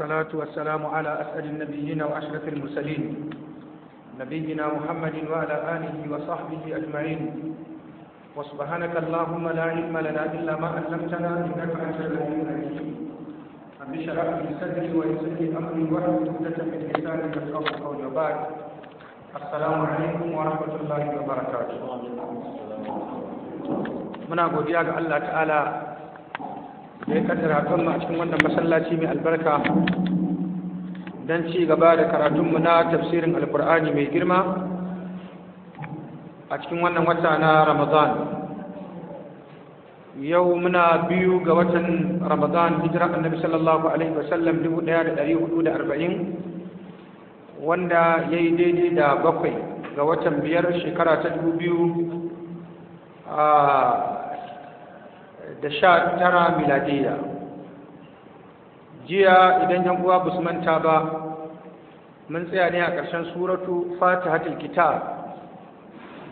والصلاة والسلام على أسأل النبيين وأشرف المرسلين نبينا محمد وعلى آله وصحبه أجمعين وسبحانك اللهم لا علم لنا إلا ما علمتنا إنك أنت العليم الحكيم رب اشرح لي صدري ويسر لي أمري واحلل عقدة من لساني يفقهوا قولي وبعد السلام عليكم ورحمة الله وبركاته muna godiya ga Allah ta'ala da ya kaddara kanmu a cikin wannan masallaci mai albarka don ci gaba da karatunmu na tafsirin alkur'ani mai girma a cikin wannan wata na ramadan yau muna biyu ga watan ramadan hijira annabi sallallahu alaihi wasallam 1440 wanda ya yi daidai da bakwai ga watan biyar shekara ta 2000 da sha tara miladiya jiya idan yan uwa ba su manta ba mun tsaya ne a ƙarshen suratu fatihatul kitab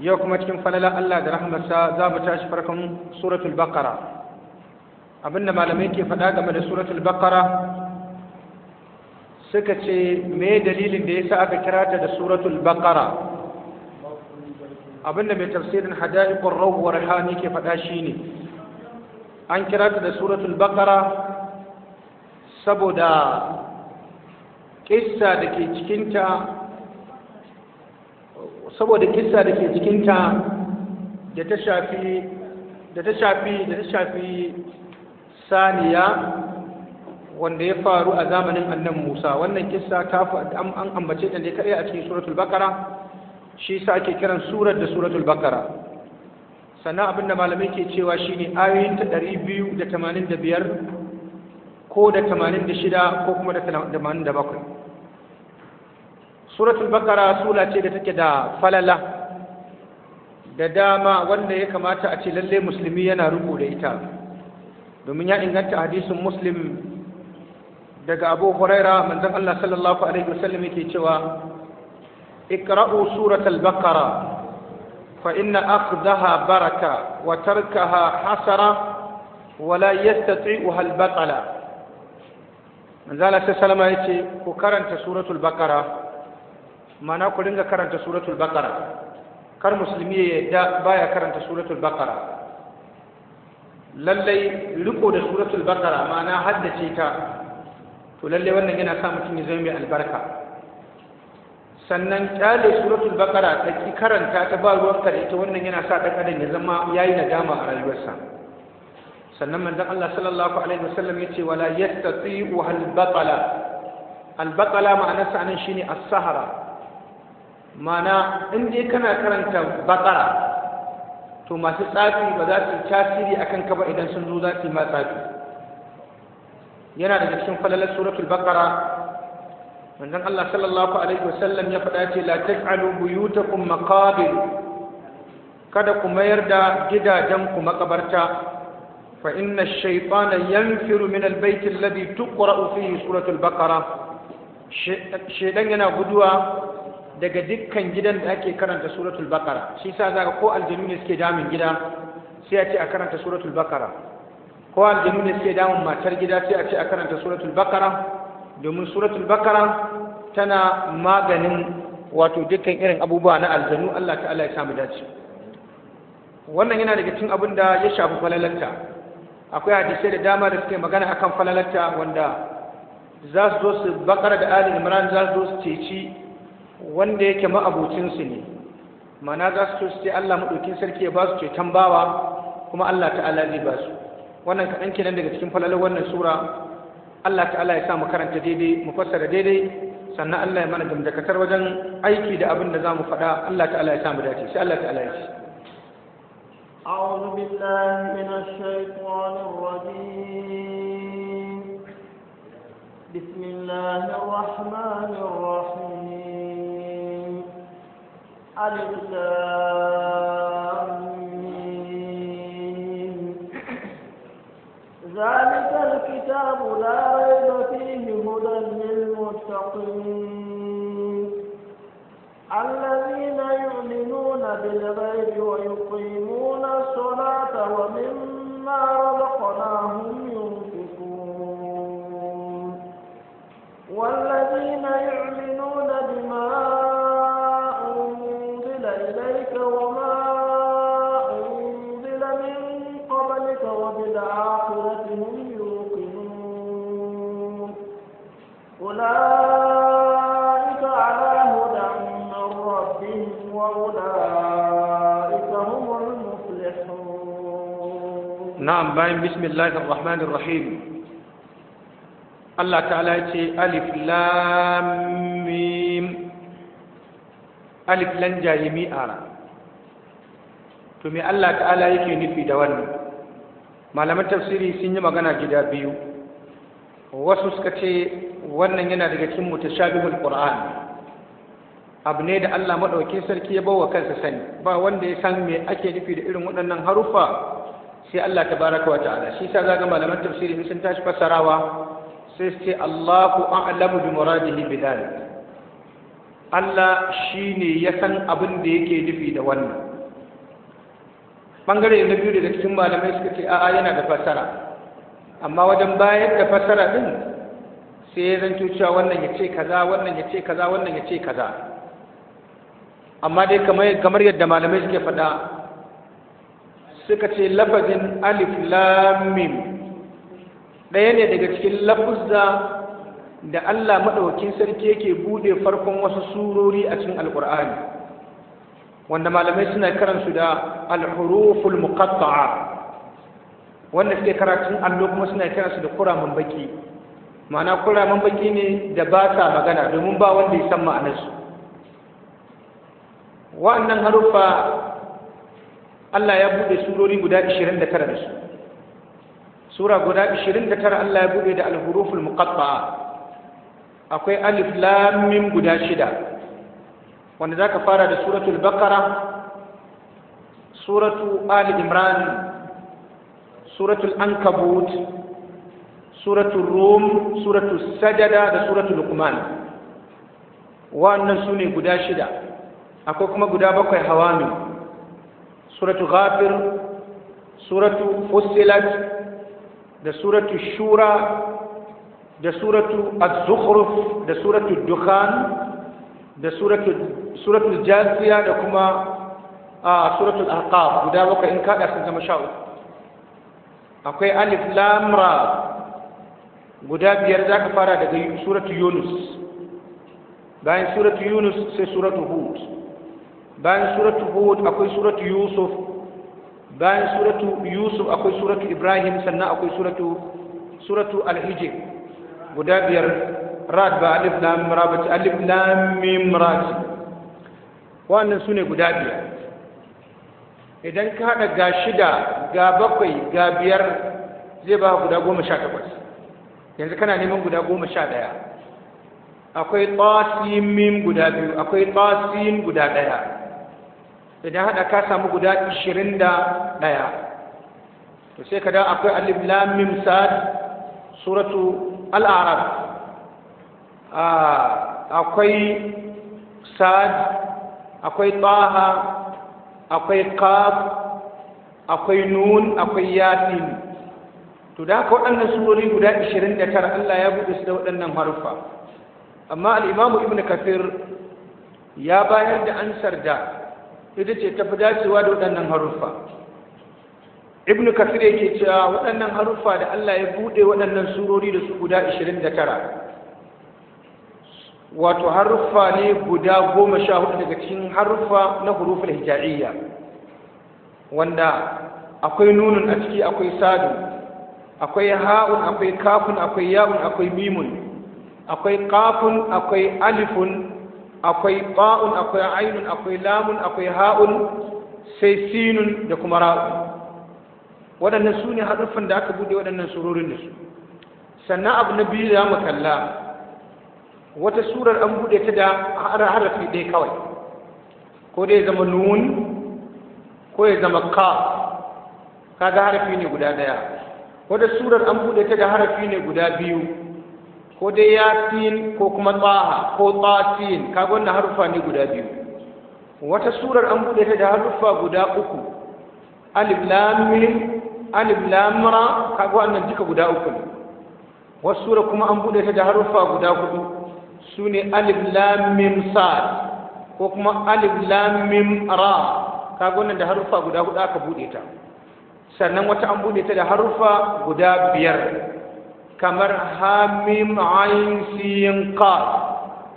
yau kuma cikin falalar Allah da rahmarsa za mu tashi farkon suratul baqara abinda malamai ke faɗa game da suratul baqara suka ce me dalilin da yasa aka kira ta da suratul baqara abinda mai tafsirin hada'iqur rawh wa rahani ke faɗa shine an kira ta da suratul bakara saboda kissa da ke cikinta saboda kissa da ke cikinta da ta shafi da ta shafi da ta shafi saniya wanda ya faru a zamanin annan Musa wannan kissa ta an ambace ta ne kadai a cikin suratul bakara shi sa ake kiran surar da suratul bakara sannan abinda malamai ke cewa shine ayoyin ta ɗari biyu da tamanin da biyar ko da tamanin da shida ko kuma da tamanin da bakwai suratul bakara sura ce da take da falala da dama wanda ya kamata a ce lalle musulmi yana rubu da ita domin ya inganta hadisin muslim daga abu huraira manzon allah sallallahu alaihi wasallam yake cewa ikra'u suratul bakara fa inna akhdaha baraka wa tarkaha hasara wa la yastati'u hal batala manzalaka salama yace ku karanta suratul baqara ku dinga karanta suratul kar musulmi ya da baya karanta suratul baqara lalle riko da suratul baqara mana haddace ta to lalle wannan yana sa mutum ya zama mai albarka sannan kyale suratul bakara ta ki karanta ta ba ruwan kare ta wannan yana sa ɗan adam ya zama yayi nadama a rayuwarsa sannan manzon Allah sallallahu alaihi wasallam yace wala yastati'u hal baqala al baqala ma'ana sa anan shine as-sahara mana in dai kana karanta bakara to masu tsafi ba za su tasiri akan ka ba idan sun zo za su yi matsafi yana daga cikin falalar suratul baqara manzon Allah sallallahu alaihi wasallam ya faɗa ce la taj'alu buyutakum maqabir kada ku mayar da gidajen ku makabarta fa inna ash-shaytana yanfiru min al-bayt alladhi tuqra'u fihi suratul baqara shedan yana guduwa daga dukkan gidan da ake karanta suratul baqara shi yasa zaka ko aljinu ne suke damin gida sai a ce a karanta suratul baqara ko aljinu ne suke damin matar gida sai a ce a karanta suratul baqara domin suratul bakara tana maganin wato dukkan irin abubuwa na aljanu Allah ta'ala ya samu dace wannan yana daga cikin abin da ya shafi falalarta akwai hadisai da dama da suke magana akan falalarta wanda za su zo su bakara da ali imran za su zo su ceci wanda yake su ne mana za su su ce Allah maɗaukin sarki ya ba su ceton bawa kuma Allah ta'ala zai ba su wannan kaɗan kenan daga cikin falalar wannan sura Allah ta'ala ya sa mu karanta daidai mu fassara daidai sannan Allah ya mana gamdakatar wajen aiki da abin da za mu faɗa Allah ta'ala ya sa mu dace sai Allah ta'ala ya ce أعوذ بالله من الشيطان الرجيم بسم الله الرحمن الرحيم الإسلام ذلك الكتاب لا ريب فيه هدى للمتقين الذين يؤمنون بالغيب ويقيمون الصلاة ومما رزقناهم ينفقون والذين يؤمنون بما na'am bayan bismillahir rahmanir rahim Allah ta'ala ya ce alif lam alif lan jayimi ara to me Allah ta'ala yake nufi da wannan malaman tafsiri sun yi magana gida biyu wasu suka ce wannan yana daga cikin mutashabihul qur'an abu ne da Allah maɗauki sarki ya bawa kansa sani ba wanda ya san me ake nufi da irin waɗannan haruffa sai Allah Ta baraka wa ta'ala shi sa zaga malaman tafsiri sun tashi fassarawa sai su ce Allahu a'lamu bi muradihi bi dhalik Allah shine ya san abin da yake nufi da wannan bangare na biyu da cikin malamai suka ce a'a yana da fassara amma wajen bayar da fassara din sai ya zanto cewa wannan ya ce kaza wannan ya ce kaza wannan ya ce kaza amma dai kamar yadda malamai suke faɗa suka ce lafazin alif lamim ɗaya ne daga cikin lafuzza da Allah maɗaukin sarki yake buɗe farkon wasu surori a cikin alƙur'ani wanda malamai suna karansu da alhuruful muqatta'a wanda suke karatun allo kuma suna karansu da kuramin baki ma'ana kuramin baki ne da ba sa magana domin ba wanda ya san ma'anarsu wa'annan haruffa Allah ya buɗe surori guda 29 da su sura guda 29 Allah ya buɗe da alhuruful huruful muqatta'a akwai alif lam mim guda shida wanda zaka fara da suratul bakara, suratu ali imran suratul ankabut suratul rum suratul sajada da suratul luqman su ne guda shida akwai kuma guda bakwai hawa hawamin سورة غافر سورة فصلت ده سورة الشورى ده سورة الزخرف ده سورة الدخان ده سورة سورة الجاثية ده كما آه سورة الأحقاف وده وقع إن كان أحسن كما شاء أقوي ألف لام را guda biyar za ka fara daga suratu yunus bayan suratu yunus bayan suratu hud akwai suratu yusuf bayan suratu yusuf akwai suratu ibrahim sannan akwai suratu suratu al-hijr guda biyar rad ba alif lam ra ba alif lam mim ra wannan sune guda biyar idan ka hada ga shida ga bakwai ga biyar zai ba guda goma sha takwas yanzu kana neman guda goma sha ɗaya akwai tasim mim guda biyu akwai tasim guda ɗaya idan haɗa ka samu guda 21 to sai ka da akwai alif lam mim sad suratu al-a'raf ah, akwai sad akwai taha akwai qaf akwai nun akwai yasin to da haka waɗannan surori guda 29 Allah ya buɗe su da waɗannan haruffa amma al'imamu ibnu kafir ya bayar da ansar da ita ce ta fi dacewa da waɗannan haruffa ibnu kasir yake cewa waɗannan haruffa da Allah ya buɗe waɗannan surori da su guda 29 wato haruffa ne guda goma sha hudu daga cikin haruffa na hurufin hija'iyya wanda akwai nunun a ciki akwai sadu akwai ha'un akwai kafun akwai ya'un akwai mimun akwai kafun akwai alifun akwai ba'un akwai ainun akwai lamun akwai ha'un sai sinun da kuma ra'un waɗannan su ne haɗuffin da aka buɗe waɗannan surorin da su sannan abu na biyu za mu kalla wata surar an buɗe ta da harafi ɗaya kawai ko dai zama nun ko ya zama ka kaga harafi ne guda ɗaya wata surar an buɗe ta da harafi ne guda biyu ko dai yasin ko kuma tsaha ko tsasin kaga wannan harufa ne guda biyu wata surar an bude ta da harufa guda uku alif lam mim alif lam ra kaga wannan duka guda uku ne wasu sura kuma an bude ta da harufa guda hudu sune alif lam mim sa ko kuma alif lam mim ra kaga wannan da harufa guda hudu aka bude ta sannan wata an bude ta da harufa guda biyar kamar hamim ayin siyin qaf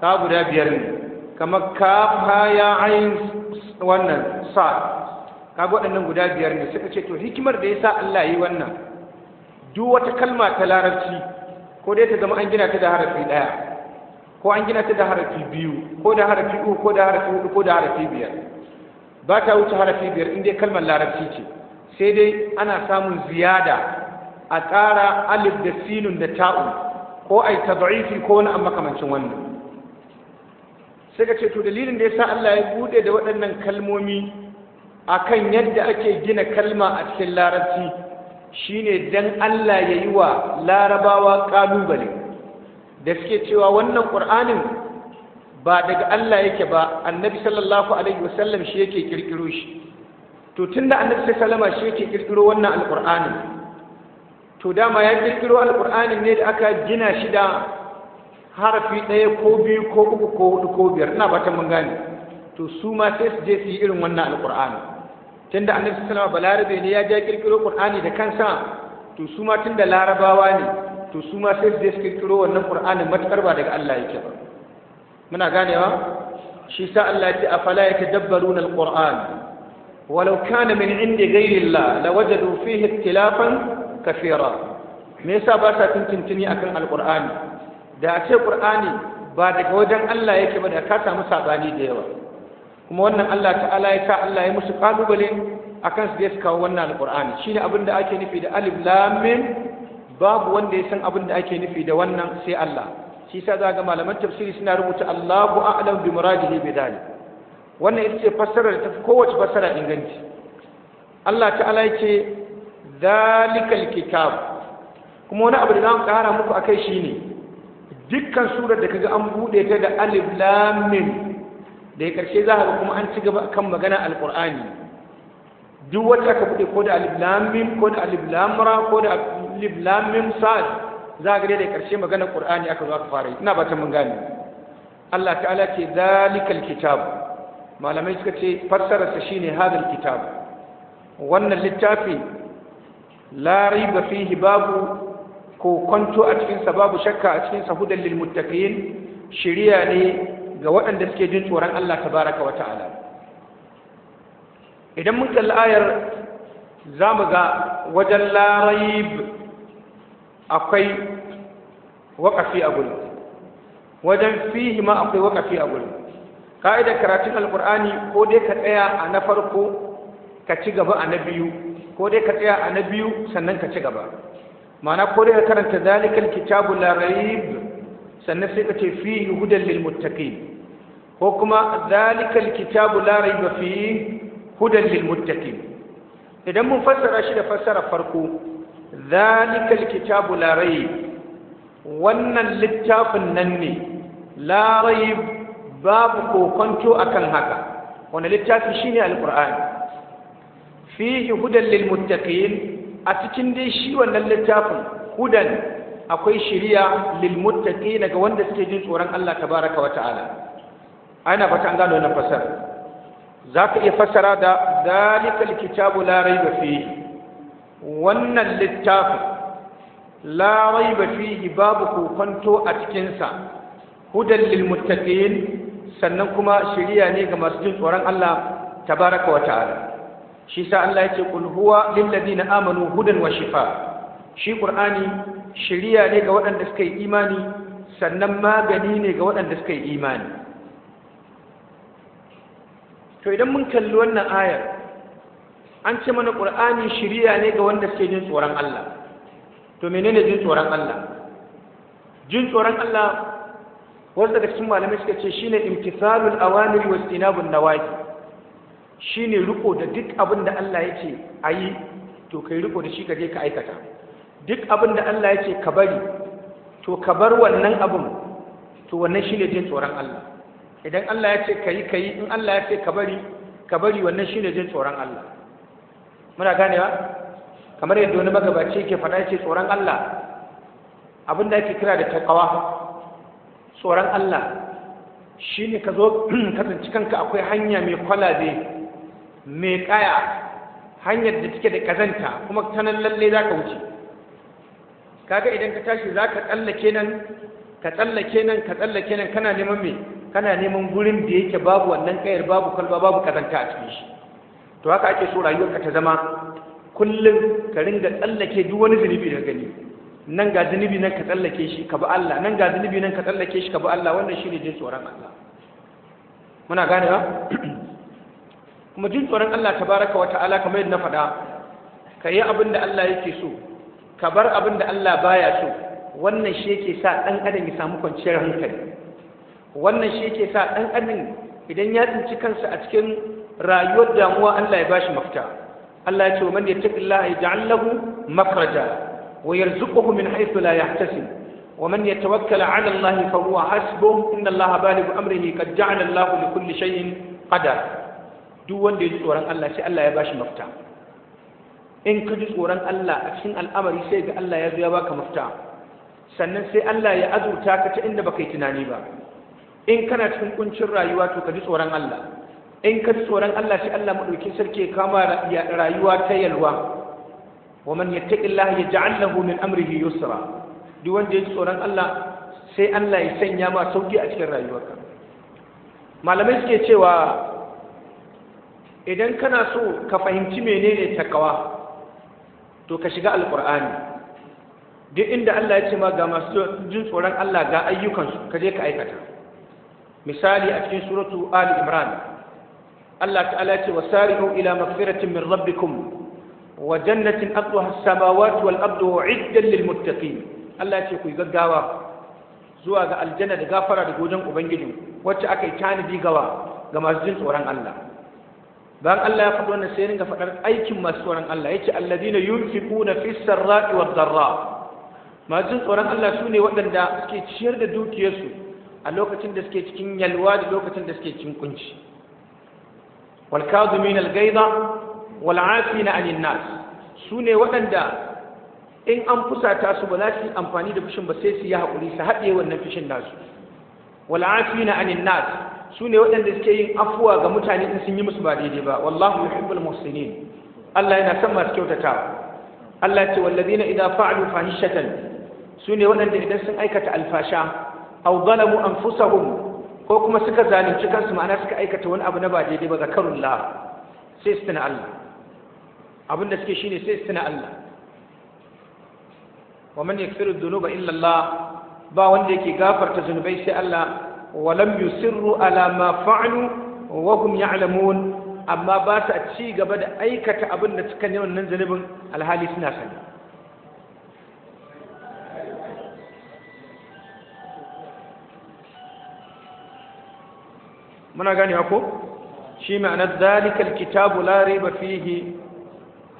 ka guda biyar ne kamar kaf haya ya ayin wannan sa ka waɗannan guda biyar ne suka ce to hikimar da ya sa Allah yi wannan duk wata kalma ta larabci ko dai ta zama an gina ta da harafi ɗaya ko an gina ta da harafi biyu ko da harafi uku ko da harafi hudu ko da harafi biyar ba ta wuce harafi biyar in dai kalmar larabci ce sai dai ana samun ziyada a ƙara alif da sinun da ta'u ko ai tad'ifi ko wani amma kamancin wannan sai ka ce to dalilin da ya yasa Allah ya bude da waɗannan kalmomi akan yadda ake gina kalma a cikin larabci shine dan Allah ya yi wa larabawa ƙalubale. da suke cewa wannan ƙur'anin ba daga Allah yake ba annabi sallallahu alaihi wasallam shi yake kirkiro shi to tunda annabi sallallahu alaihi wasallam shi yake kirkiro wannan alƙur'anin to dama ya kirkiro alƙur'ani ne da aka gina shi da harafi ɗaya ko biyu ko uku ko hudu ko biyar ina fatan mun gane to su ma sai su je su yi irin wannan alƙur'ani tunda annabi sallallahu alaihi wasallam balarabe ne ya je kirkiro qur'ani da kansa to su ma tun da larabawa ne to su ma sai su je su kirkiro wannan qur'ani matakar ba daga Allah yake ba muna ganewa shi sa Allah ya ce afala yatadabbaruna alqur'an ولو كان من عند غير الله لوجدوا فيه اختلافا kafira me yasa ba sa tuntuntuni akan alqur'ani da a ce qur'ani ba daga wajen Allah yake ba da ka samu sabani da yawa kuma wannan Allah ta'ala ya sa Allah ya musu kalubale akan su su kawo wannan alqur'ani shine abin da ake nufi da alif lam mim babu wanda ya san abin da ake nufi da wannan sai Allah shi yasa za ga malaman tafsiri suna rubuta Allahu a'lam bi muradihi bi dhalik wannan ita ce fassarar ta kowace fassara inganci Allah ta'ala yake dalikal kitab kuma wani abu da za mu kara muku akai shine dukkan surar da kaga an bude ta da alif lam mim da ya karshe za ga kuma an ci gaba kan magana alqur'ani duk wata ka bude ko da alif lam mim ko da alif lam ra ko da alif lam mim sad za ka da karshe magana qur'ani aka zo aka fara ina ba ta mun gane Allah ta'ala ce dalikal kitab malamai suka ce shi shine hadal kitab wannan littafi Larai ba fihi babu ko kwanto a cikinsa babu shakka a cikinsa hudan lil muttaqin ne ga waɗanda suke jin tsoron Allah tabaraka wa ta'ala idan mun kalli ayar za mu ga wajen larayib akwai waƙafi a gurin wajen fihi ma akwai waƙafi a gurin ka'idar karatun alƙur'ani ko dai ka tsaya a na farko ka ci gaba a na biyu ko dai ka tsaya a na biyu sannan ka ci gaba ma'ana ko dai ka karanta zalikal kitabu la raib sannan sai ka ce fihi hudan lil muttaqin ko kuma zalikal kitabu la raiba fihi hudan lil muttaqin idan mun fassara shi da fassara farko zalikal kitabu la raib wannan littafin nan ne la raib babu kokonto akan haka wani littafi shine alqur'ani fihi hudan lil muttaqin a cikin dai shi wannan littafin hudan akwai shiriya lil muttaqin ga wanda suke jin tsoron Allah tabaraka wa ta'ala ana fata an gano wannan fasar zaka iya fasara da dalikal kitabu la raiba fihi wannan littafin la raiba fihi babu kokonto a cikinsa hudan lil muttaqin sannan kuma shiriya ne ga masu jin tsoron Allah tabaraka wa shi sa Allah ya ce kul huwa lil ladina amanu hudan wa shifa shi qur'ani shiriya ne ga waɗanda suka yi imani sannan magani ne ga waɗanda suka yi imani to idan mun kalli wannan ayar an ce mana qur'ani shiriya ne ga wanda suke jin tsoron Allah to menene jin tsoron Allah jin tsoron Allah wanda daga cikin malamai suka ce shine imtithalul awamiri wa istinabun nawahi Shi ne riko da duk abin da Allah ya ce a yi to kai riko da shi ka je ka aikata duk abin da Allah ya ce ka bari to ka bar wannan abin to wannan shine jin tsoron Allah idan Allah ya ce ka yi ka yi in Allah ya ce ka bari ka bari wannan shine jin tsoron Allah muna ganewa kamar yadda wani magabaci ke faɗa ce tsoron Allah abin da ake kira da takawa tsoron Allah shi ne ka zo kasance kanka akwai hanya mai kwalabe mai kaya hanyar da take da kazanta kuma ta nan lalle za ka wuce kaga idan ka tashi za ka tsallake nan ka tsallake nan ka tsallake nan kana neman me kana neman gurin da yake babu wannan kayar babu kalba babu kazanta a cikin shi to haka ake so rayuwarka ta zama kullum ka ringa tsallake duk wani zunubi da gani nan ga zunubi nan ka tsallake shi ka bi Allah nan ga zunubi nan ka tsallake shi ka bi Allah wannan shine jin tsoron Allah muna gane ba kuma jin tsoron Allah tabaraka wa ta'ala kamar yadda na faɗa ka yi abin da Allah yake so ka bar abin da Allah baya so wannan shi yake sa ɗan adam ya samu kwanciyar hankali wannan shi yake sa ɗan adam idan ya tsinci kansa a cikin rayuwar damuwa Allah ya bashi mafita Allah ya ce wa man yattaqillaha yaj'al lahu makhraja wa yarzuquhu min haythu la yahtasib ومن يتوكل على الله فهو حسبه إن الله بالغ أمره قد جعل الله لكل شيء قدر duk wanda ya ji tsoron Allah sai Allah ya bashi mafita in ka ji tsoron Allah a cikin al'amari sai ga Allah ya zo ya baka mafita sannan sai Allah ya azurta ka ta inda baka yi tunani ba in kana cikin kuncin rayuwa to ka ji tsoron Allah in ka ji tsoron Allah sai Allah madaukin sarki ya kama rayuwa ta yalwa wa man yattaqillaha yaj'al lahu min amrihi yusra duk wanda ya ji tsoron Allah sai Allah ya sanya ma sauki a cikin rayuwarka malamai suke cewa idan kana so ka fahimci menene takawa to ka shiga alkur'ani duk inda Allah ya ce ma ga masu jin tsoron Allah ga ayyukansu ka je ka aikata misali a cikin suratu ali imran Allah ta'ala ya ce wasari'u ila magfiratin min rabbikum wa jannatin aqwaha as-samawati wal ardu uiddat lil muttaqin Allah ya ce ku gaggawa zuwa ga aljanna da gafara da gojen ubangiji wacce aka yi tanadi gawa ga masu jin tsoron Allah bayan Allah ya faɗi wannan sai ringa faɗar aikin masu tsoron Allah yace alladina yunfiquna fis sarra'i wad zarra. masu tsoron Allah sune waɗanda suke ciyar da dukiyarsu a lokacin da suke cikin yalwa da lokacin da suke cikin kunci wal kadhimin al ghaiza wal afina 'anil nas Sune waɗanda in an fusata su ba za su yi amfani da fushin ba sai su yi haƙuri su haɗe wannan fushin nasu wal afina 'anil nas su ne waɗanda suke yin afuwa ga mutane in sun yi musu ba daidai ba wallahu yuhibbul muhsinin Allah yana son masu kyautatawa Allah ce wallazina idza fa'alu fahishatan su ne waɗanda idan sun aikata alfasha aw zalamu anfusahum ko kuma suka zalunci kansu ma'ana suka aikata wani abu na ba daidai ba zakarullah sai su tuna Allah abinda suke shine sai su tuna Allah wa man yaghfiru dhunuba illa Allah ba wanda yake gafarta zunubai sai Allah walam yusirru ala ma fa'alu wa hum ya'lamun amma ba ta ci gaba da aikata abin da suka yi wannan zunubin alhali suna sani muna gane ko shi ma'ana zalikal kitabu la riba fihi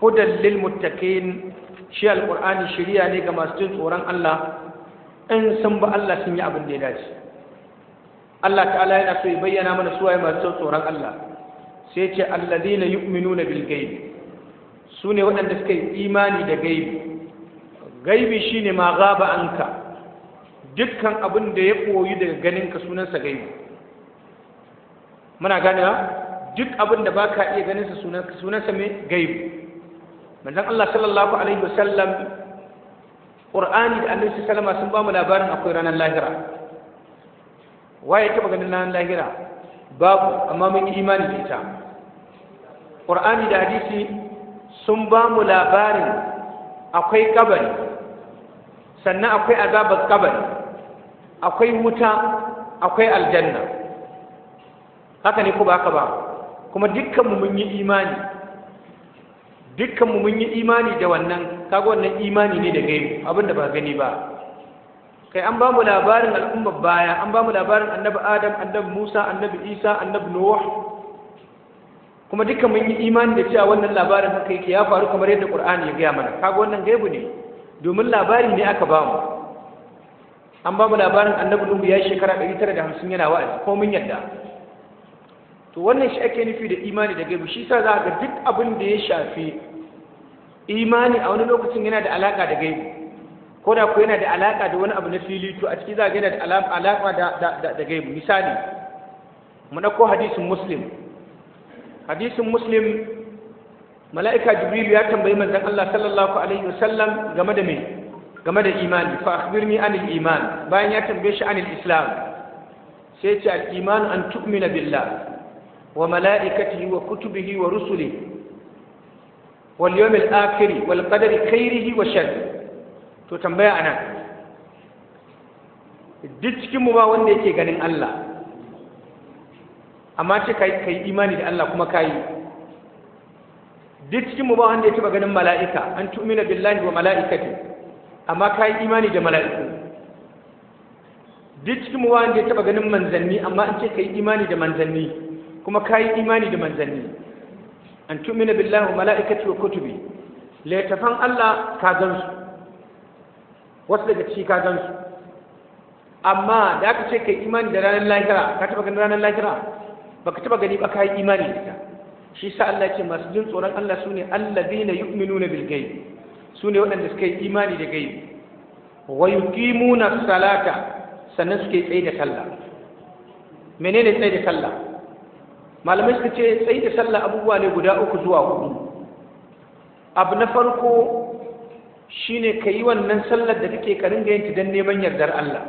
hudan lil muttaqin shi alqur'ani shiriya ne ga masu tsoron Allah in sun ba Allah sun yi abin da ya dace Allah ta'ala yana so ya bayyana mana suwaye masu tsoron Allah sai ce alladina na bil gaibi ne waɗanda suka yi imani da gaibi gaibi shine ma gaba anka dukkan abin da ya koyi daga ganinka sunansa gaibi muna gane duk abin da baka iya ganin sa sunansa sunansa me gaibi manzon Allah sallallahu alaihi wasallam Qur'ani da Annabi sallallahu alaihi wasallam sun ba mu labarin akwai ranar lahira waye taba ganin nan lahira babu amma mun yi imani da ita qur'ani da hadisi sun ba mu labarin akwai kabari sannan akwai azabar kabari akwai wuta akwai aljanna haka ne ko ba haka ba kuma mu mun yi imani mu mun yi imani da wannan kaga wannan imani ne da gaibu abinda ba gani ba kai an ba mu labarin al'ummar baya an ba mu labarin annabi adam annabi musa annabi isa annabi nuwah kuma duka mun yi imani da cewa wannan labarin haka yake ya faru kamar yadda qur'ani ya gaya mana kaga wannan gaibu ne domin labari ne aka ba mu an ba mu labarin annabi nuhu ya yi shekara 950 yana wa'azi ko mun yadda to wannan shi ake nufi da imani da gaibu shi sa za ga duk abin da ya shafi imani a wani lokacin yana da alaka da gaibu ko da ko yana da alaka da wani abu na fili to a ciki za yana da alaka da da gaibu misali mu dauko hadisin muslim hadisin muslim mala'ika jibril ya tambayi manzon Allah sallallahu alaihi wasallam game da me game da imani fa akhbirni anil iman bayan ya tambaye shi anil islam sai ce al iman an tu'mina billah wa mala'ikatihi wa kutubihi wa rusulihi wal yawmil akhir wal qadari khairihi wa sharrihi to tambaya anan duk cikin mu ba wanda yake ganin Allah amma ce kai kai imani da Allah kuma kai duk cikin mu ba wanda yake ba ganin mala'ika an tu'mina billahi wa mala'ikati amma kai imani da mala'iku duk cikin mu ba wanda yake ba ganin manzanni amma an ce kai imani da manzanni kuma kai imani da manzanni an tu'mina billahi wa mala'ikati wa kutubi littafan Allah ka gansu wasu daga ciki ka gan su amma da aka ce kai imani da ranar lahira ka taba ganin ranar lahira baka taba gani ba ka yi imani da ita shi sa Allah ce masu jin tsoron Allah su ne allazina yu'minuna bil ghaib su ne waɗanda suka yi imani da ghaib wa yuqimuna salata sannan suke tsaye da sallah menene tsaye da sallah malamai suka ce tsaye da sallah abubuwa ne guda uku zuwa hudu abu na farko shine ka yi wannan sallar da kake ka ringa yanki ta don neman yardar Allah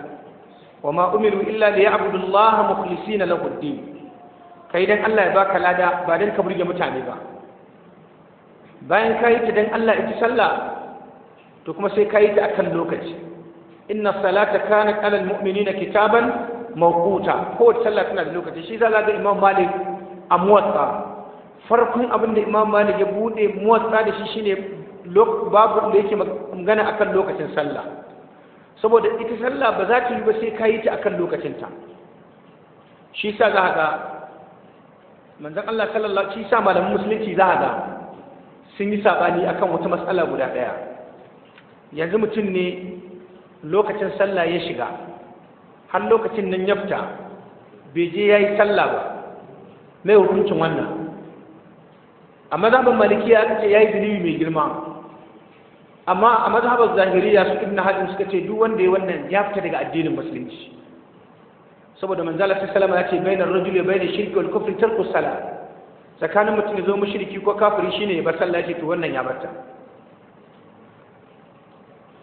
wa ma umiru illa da ya Allah mukhlisina na ad Ka kai don Allah ya baka lada ba dan ka burge mutane ba bayan ka yi ta dan Allah ita sallah to kuma sai ka yi ta akan lokaci inna salata kanat alal na kitaban mawquta ko sallah tana da lokaci shi zaka ga Imam Malik a muwatta farkon abin da Imam Malik ya buɗe muwatta da shi shine babu da yake magana akan lokacin sallah saboda ita sallah ba za ta yi ba sai ka yi ta akan lokacinta shi sa za ga manzon Allah sallallahu shi sa malamin musulunci za ga sun yi sabani akan wata matsala guda daya yanzu mutum ne lokacin sallah ya shiga har lokacin nan ya fita bai je yayi sallah ba mai hukuncin wannan amma zaɓin malikiya ya ce ya yi mai girma amma a mazhabar zahiriya su ibn hajjin suka ce duk wanda ya wannan ya fita daga addinin musulunci saboda manzala ta salama ya ce bainar rajul ya bainar shirki wal kufri tarku sala tsakanin mutum ya zo mushriki ko kafiri shine ya bar sallah ce to wannan ya barta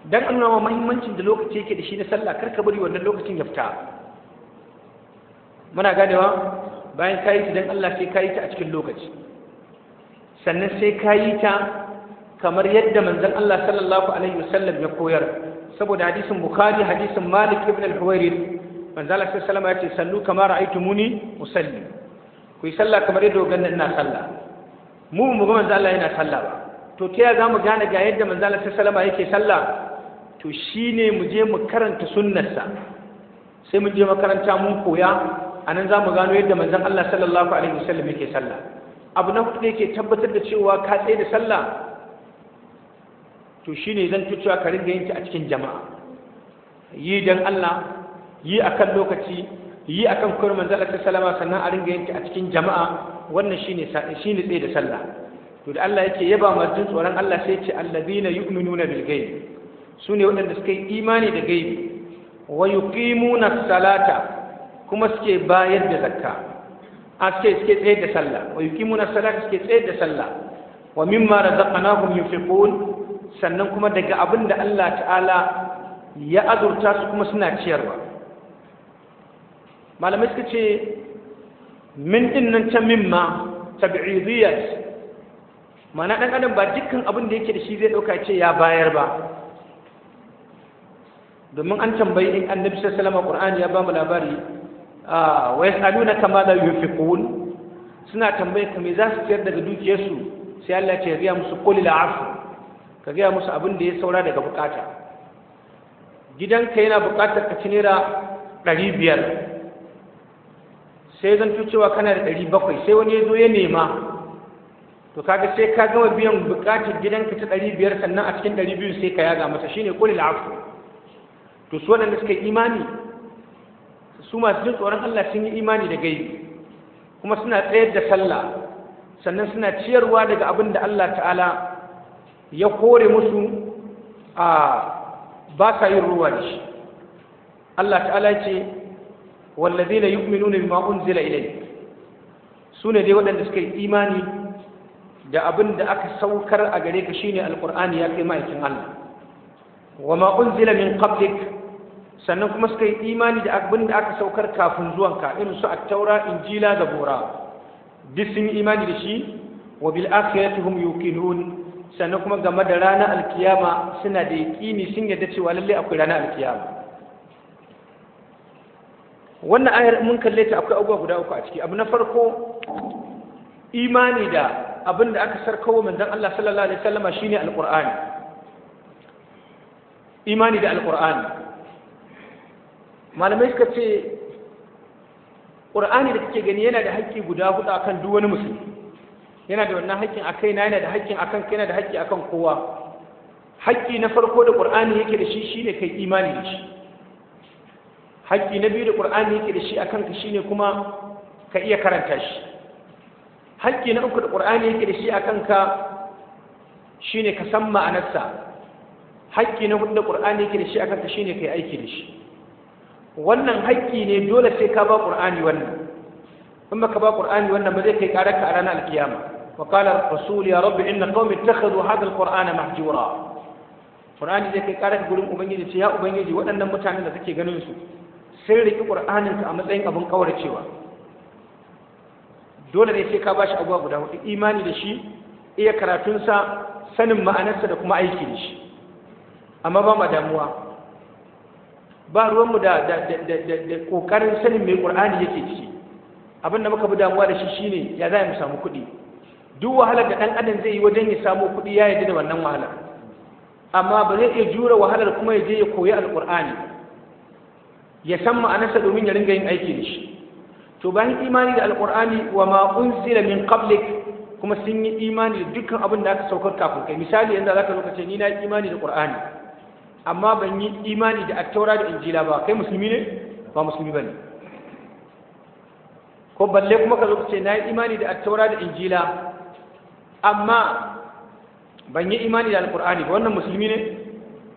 dan an nama muhimmancin da lokaci yake da shi na sallah kar ka bari wannan lokacin ya fita muna ganewa bayan kayi ta dan Allah sai kayi ta a cikin lokaci sannan sai kayi ta kamar yadda manzon Allah sallallahu alaihi wasallam ya koyar saboda hadisin bukhari hadisin malik ibn al-huwairid manzon Allah sallallahu alaihi wasallam ya ce sallu kama ra'aytumuni usalli ku yi sallah kamar yadda ganin ina sallah mu mu ga manzon Allah yana sallah ba to ta yaya zamu gane ga yadda manzon Allah sallallahu alaihi wasallam yake sallah to shine mu je mu karanta sunnarsa sai mu je makaranta mun koya anan zamu gano yadda manzon Allah sallallahu alaihi wasallam yake sallah abu na hudu da yake tabbatar da cewa ka tsaye da sallah to shi ne zan tucewa ka ringa yin a cikin jama'a yi dan Allah yi akan lokaci yi akan kuwar manzo ta salama, sannan a ringa yin a cikin jama'a wannan shi ne tsaye da sallah to da Allah yake yaba masu tsoron Allah sai ce allazina yu'minuna bil ghaib ne waɗanda suka yi imani da gaibi wa yuqimuna salata kuma suke bayar da zakka a suke suke tsaye da sallah wa yuqimuna salata suke tsaye da sallah wa mimma razaqnahum yunfiqun sannan kuma daga abin da Allah ta'ala ya azurta su kuma suna ciyarwa malamai suka ce min din nan ta mimma tabi'idiyat mana dan adam ba dukkan abin da yake da shi zai dauka ce ya bayar ba domin an tambayi in annabi sallallahu alaihi ya ba mu labari ah, wa yasaluna kama da yunfiqun suna tambaye ka me za su ciyar daga dukiyarsu sai Allah ya riya musu qul afu ka gaya musu abin da ya saura daga bukata gidanka yana bukatar ka ci naira ɗari biyar sai zan cewa kana da ɗari bakwai sai wani ya zo ya nema to kaga sai ka gama biyan bukatar gidanka ta ɗari biyar sannan a cikin ɗari biyu sai ka yaga masa shine kulil afu to su waɗanda suka yi imani su masu jin tsoron Allah sun yi imani da gaibi kuma suna tsayar da sallah sannan suna ciyarwa daga abin da Allah ta'ala ya kore musu a baka yin ruwa da shi Allah ta'ala ce wallazi na yu'minu ne ma unzila ilai su ne dai waɗanda suka yi imani da abin da aka saukar a gare ka shine alqur'ani ya kai ma'aikin Allah wa ma unzila min qablik sannan kuma suka yi imani da abin da aka saukar kafin zuwanka irin su a taura injila da bora duk sun yi imani da shi wa bil akhirati hum yuqinun sannan kuma game da ranar alkiyama suna da yaƙini sun yadda cewa lalle akwai ranar alkiyama wannan ayar mun kalle ta akwai abubuwa guda uku a ciki abu na farko imani da abin da aka sarkawo manzon Allah sallallahu alaihi wasallama shine alqur'ani imani da alqur'ani malamai suka ce qur'ani da kake gani yana da hakki guda hudu akan duk wani musulmi yana da wannan haƙƙin a kaina yana da haƙƙin akan kai yana da haƙƙi akan kowa haƙƙi na farko da qur'ani yake da shi shine kai imani da shi haƙƙi na biyu da qur'ani yake da shi akan ka shine kuma ka iya karanta shi haƙƙi na uku da qur'ani yake da shi akan ka shine ka san ma'anarsa haƙƙi na huɗu da qur'ani yake da shi akan ka shine kai aiki da shi wannan haƙƙi ne dole sai ka ba qur'ani wannan in baka ba qur'ani wannan ba zai kai karaka a ranar alkiyama وقال الرسول يا رب ان قوم اتخذوا هذا القران مهجورا Ƙur'ani da kai karar gurin ubangiji ce ya ubangiji waɗannan mutane da kake ganin su sai riki qur'anin ka a matsayin abin kawarcewa dole ne sai ka bashi abuwa guda hudu imani da shi iya sa sanin ma'anarsa da kuma aiki da shi amma ba ma damuwa ba ruwanmu da ƙoƙarin sanin mai ƙur'ani yake ciki abin da muka bi damuwa da shi ne ya za mu samu kuɗi duk wahalar da ɗan adam zai yi wajen ya samu kuɗi ya yarda da wannan wahalar amma ba zai iya jura wahalar kuma ya je ya koyi alƙur'ani ya san ma'anarsa domin ya ringa yin aiki da shi to bayan imani da alƙur'ani wa ma unzila min qablik kuma sun yi imani da dukkan abin da aka saukar kafin kai misali yanzu zaka zo ka ce ni na yi imani da ƙur'ani amma ban yi imani da attaura da injila ba kai musulmi ne ba musulmi bane ko balle kuma ka zo ka ce na yi imani da attaura da injila amma ban yi imani da alkur'ani ba wannan musulmi ne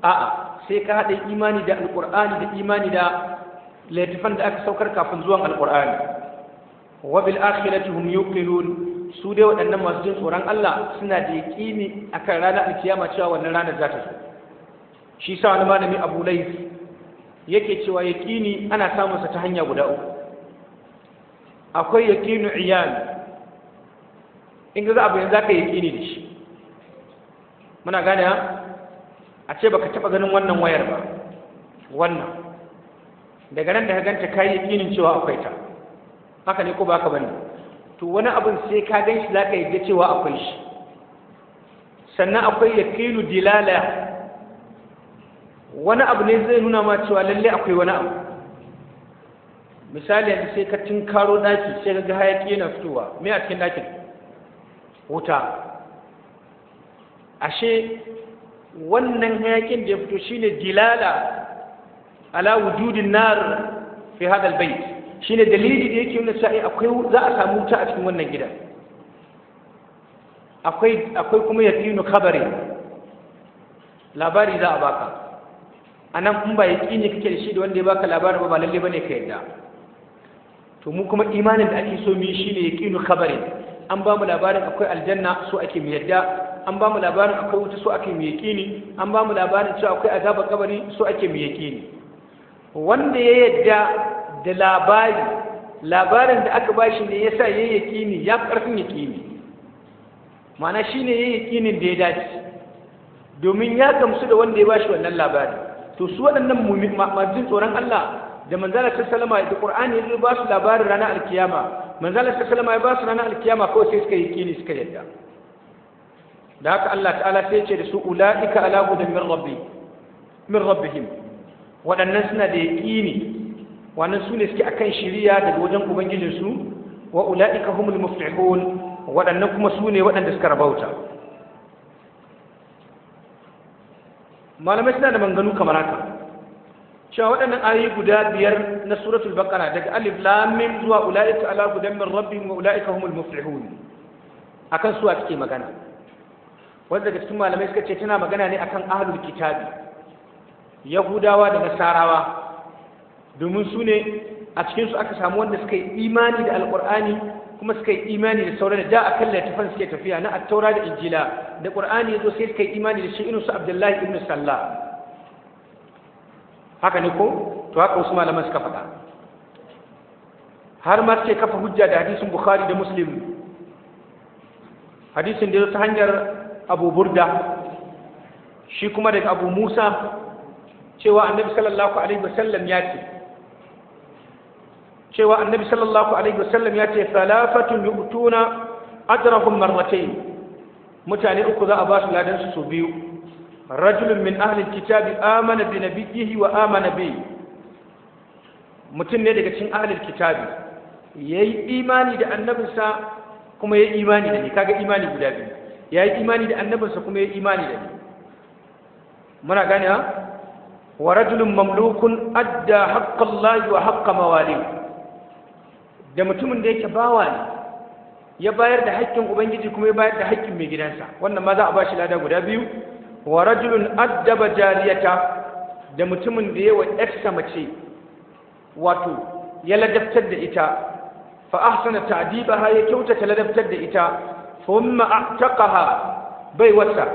a'a sai ka haɗa imani da alkur'ani da imani da laifin da aka saukar kafin zuwan alkur'ani wa bil akhirati hum yuqinun su dai waɗannan masu jin tsoron Allah suna da yaqini akan ranar alkiyama cewa wannan ranar za ta zo shi sa wani malami Abu Layth yake cewa yaqini ana samun ta hanya guda uku akwai yaqinu iyali in ga abu yanzu zaka yi kini da shi muna gane a ce baka taba ganin wannan wayar ba wannan daga nan da ka ganta ka yi ƙinin cewa akwai ta haka ne ko ba ka bane to wani abin sai ka gan shi zaka yadda cewa akwai shi sannan akwai yakinu dilala wani abu ne zai nuna ma cewa lalle akwai wani abu misali yanzu sai ka tinkaro daki sai ka ga hayaki yana fitowa me a cikin dakin wuta ashe wannan hayakin da ya fito shine dilala ala wujudin nar fi hada albayt shine dalili da yake nuna sai akwai za a samu wuta a cikin wannan gida akwai akwai kuma yaqinu khabari labari za a baka anan in ba yaqini kake da shi da wanda ya baka labari ba lalle bane ka yadda to mu kuma imanin da ake so mu yi shine yaqinu khabari an ba mu labarin akwai aljanna so ake mu yadda an ba mu labarin akwai wuta so ake mu yaƙini an ba mu labarin cewa akwai azabar kabari so ake mu yaƙini wanda ya yadda da labari labarin da aka ba shi ne yasa ya yaƙini ya ƙarfin yaƙini ma'ana ne ya yaƙinin da ya dace domin ya gamsu da wanda ya ba shi wannan labari to su waɗannan masu tsoron Allah da manzala ta da Qur'ani ya ba su labarin ranar alkiyama manzalar ta salama ya ba su ranar alkiyama ko sai suka yi kini suka yadda da haka Allah ta'ala sai ce da su ula'ika ala gudan min rabbi min rabbihim waɗannan suna da yaqini wannan su ne suke akan shiriya daga wajen ubangijin su wa ula'ika humul muflihun waɗannan kuma su ne waɗanda suka rabauta malamai suna da manganu kamar haka cewa waɗannan ayoyi guda biyar na suratul baqara daga alif lam mim zuwa ulaika ala gudan min rabbihim wa ulaika humul muflihun akan su take magana wanda daga cikin malamai suka ce tana magana ne akan ahlul kitabi yahudawa da nasarawa domin su ne a cikin su aka samu wanda suka yi imani da alqur'ani kuma suka yi imani da sauran da akan tafan suke tafiya na at-taura da injila da qur'ani yazo sai suka yi imani da shi irin su abdullahi ibn sallah haka ne ko to haka wasu malaman suka faɗa har ma ce kafa hujja da hadisin bukhari da muslim hadisin da ya ta hanyar abu burda shi kuma daga abu musa cewa annabi sallallahu alaihi wasallam ya ce cewa annabi sallallahu alaihi wasallam ya ce salafatun yu'tuna ajrahum marratayn mutane uku za a ba su ladan su biyu rajulun min ahlil kitabi amana bi nabiyhi wa amana bi mutum ne daga cikin ahlil kitabi yayi imani da annabinsa kuma yayi imani da ni kaga imani guda biyu yayi imani da annabinsa kuma yayi imani da ni muna gane ha wa rajulun mamlukun adda haqqallahi wa haqqa mawali da mutumin da yake bawa ne ya bayar da haƙƙin ubangiji kuma ya bayar da haƙƙin mai gidansa wannan ma za a ba shi lada guda biyu wa rajulun addaba jariyata da mutumin da yawa yarsa mace wato ya ladabtar da ita fa ahsana ta'dibaha ya kyautata ladabtar da ita thumma a'taqaha baiwata